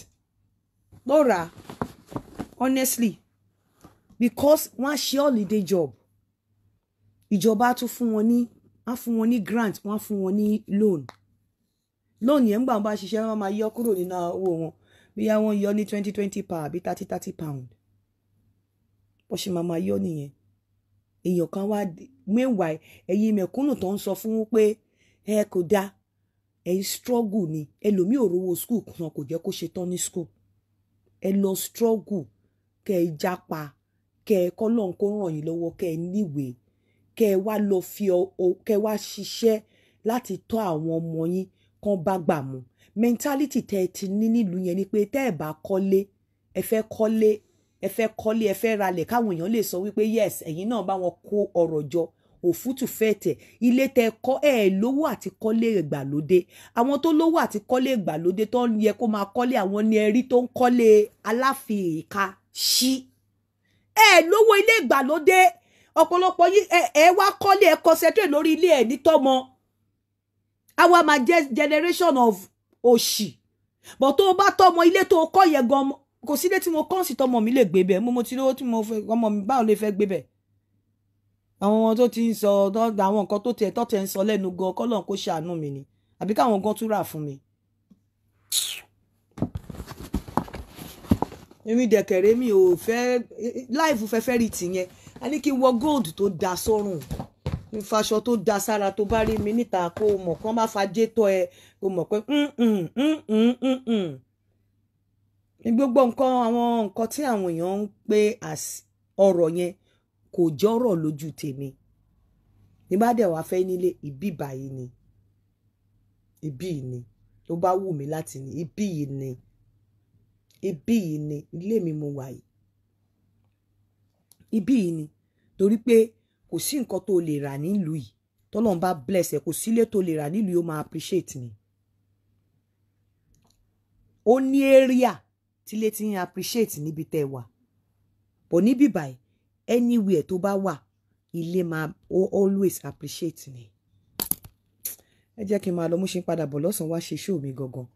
ló rà honestly because wọ́n á ṣe holiday job ìjọba tún fún wọn ní wọ́n á fún wọn ní grant wọ́n á fún wọn ní loan lónìí ẹ̀ ń gbà wọn bá ṣiṣẹ́ wọn máa yọ kúrò nínú owó wọn bóyá wọ́n yọ ní twenty twenty pound àbí thirty thirty pound bó ṣe máa máa yọ nìyẹn èèyàn kan wá meanwhile ẹ̀yin mẹ̀kúnnù tó ń sọ fún pé ẹ kò dáa ẹ ń struggle ni ẹlòmíì ò rówó school kan kò jẹ́ kó ṣe tán ní school ẹ lọ struggle kẹ ẹ jápa kẹ ẹ kọ́ lọ́n kó ràn yín lọ́wọ́ kẹ ẹ níwèé kẹ ẹ wá lọ fi ọ kẹ ẹ wá ṣiṣẹ́ láti tọ́ àwọn ọmọ yín kan bá gbà mu mentality tẹ́ ẹ ti ní nílùú yẹn ni pé tẹ́ ẹ bá kọ́lé ẹ fẹ́ kọ́lé ẹ fẹ́ kọ́lé ẹ fẹ́ ralẹ̀ káwọn èèyàn lè sọ wípé yes ẹ̀yin náà bá wọn kó ọ̀rọ̀ jọ òfútù fẹ́tẹ̀ ilé tẹ́ kọ́ ẹ̀ lówó àti kọ́lé ìgbàlódé àwọn tó lówó àti kọ́lé ìgbàlódé tó yẹ kó máa kọ́lé àwọn ni ẹrí tó ń kọ́lé aláfìíka ṣí ẹ̀ lówó ilé ìgbàlódé ọ̀pọ̀lọpọ̀ yìí ẹ̀ wá kọ́lé ẹ̀ kọ́sẹ̀tẹ̀ lórí ilé ẹ̀ nítọ́mọ Awa máa jẹ́ generation of Oshi, but tó o bá tọmọ ilé tó o kọ́ yẹn gan kò sílé tí mo kọ́ sí tọmọ mi lè gbé bẹ́ẹ̀ mo mo ti lówó tí mo fẹ́ ọmọ mi báwo lè fẹ́ gbé bẹ́ẹ̀ àwọn ọmọ tó ti ń sọ àwọn nǹkan tó tiẹ̀ tọ́tẹ̀ ń sọ lẹ́nu gan kọ́lọ́n kó ṣàánú mi ni àbí káwọn gan tún rà fún mi. èmi dẹ̀kẹ̀rẹ́ mi ò fẹ́ láìfù fẹ́fẹ́ rí tìyẹn a ní kí n wọ góòdù tó da sọ́rùn ìfaṣọ tó da sára tó bá rí mi níta kó o mọ̀ kán má fajé tọ́ ẹ kó o mọ̀ pé mm, mm, mm, ní gbogbo nǹkan àwọn nǹkan tí àwọn èèyàn ń pè ọ̀rọ̀ yẹn kò jọ́rọ̀ lójú tèmi ní bá dẹ̀ wá fẹ́ nílé ìbí báyìí ni ìbí ni tó bá wù mí láti ní ìbí yìí ni ìbí yìí ni ilé mi mo wà yìí ìbí yìí ni torí pé kò sí nǹkan tó lè rà nílùú yìí tọ́lọ́run bá bless ẹ kò sílé tó lè rà nílùú yìí ó máa appreciate ni ó ní area tílé ti ń appreciate níbi tẹ́ wà bọ̀ níbí báyìí anywhere tó bá wà ilé máa always appreciate ni ẹ jẹ́ kí n máa lọ mú ṣe ń padà bọ̀ lọ́sàn-án wá ṣe show mi gangan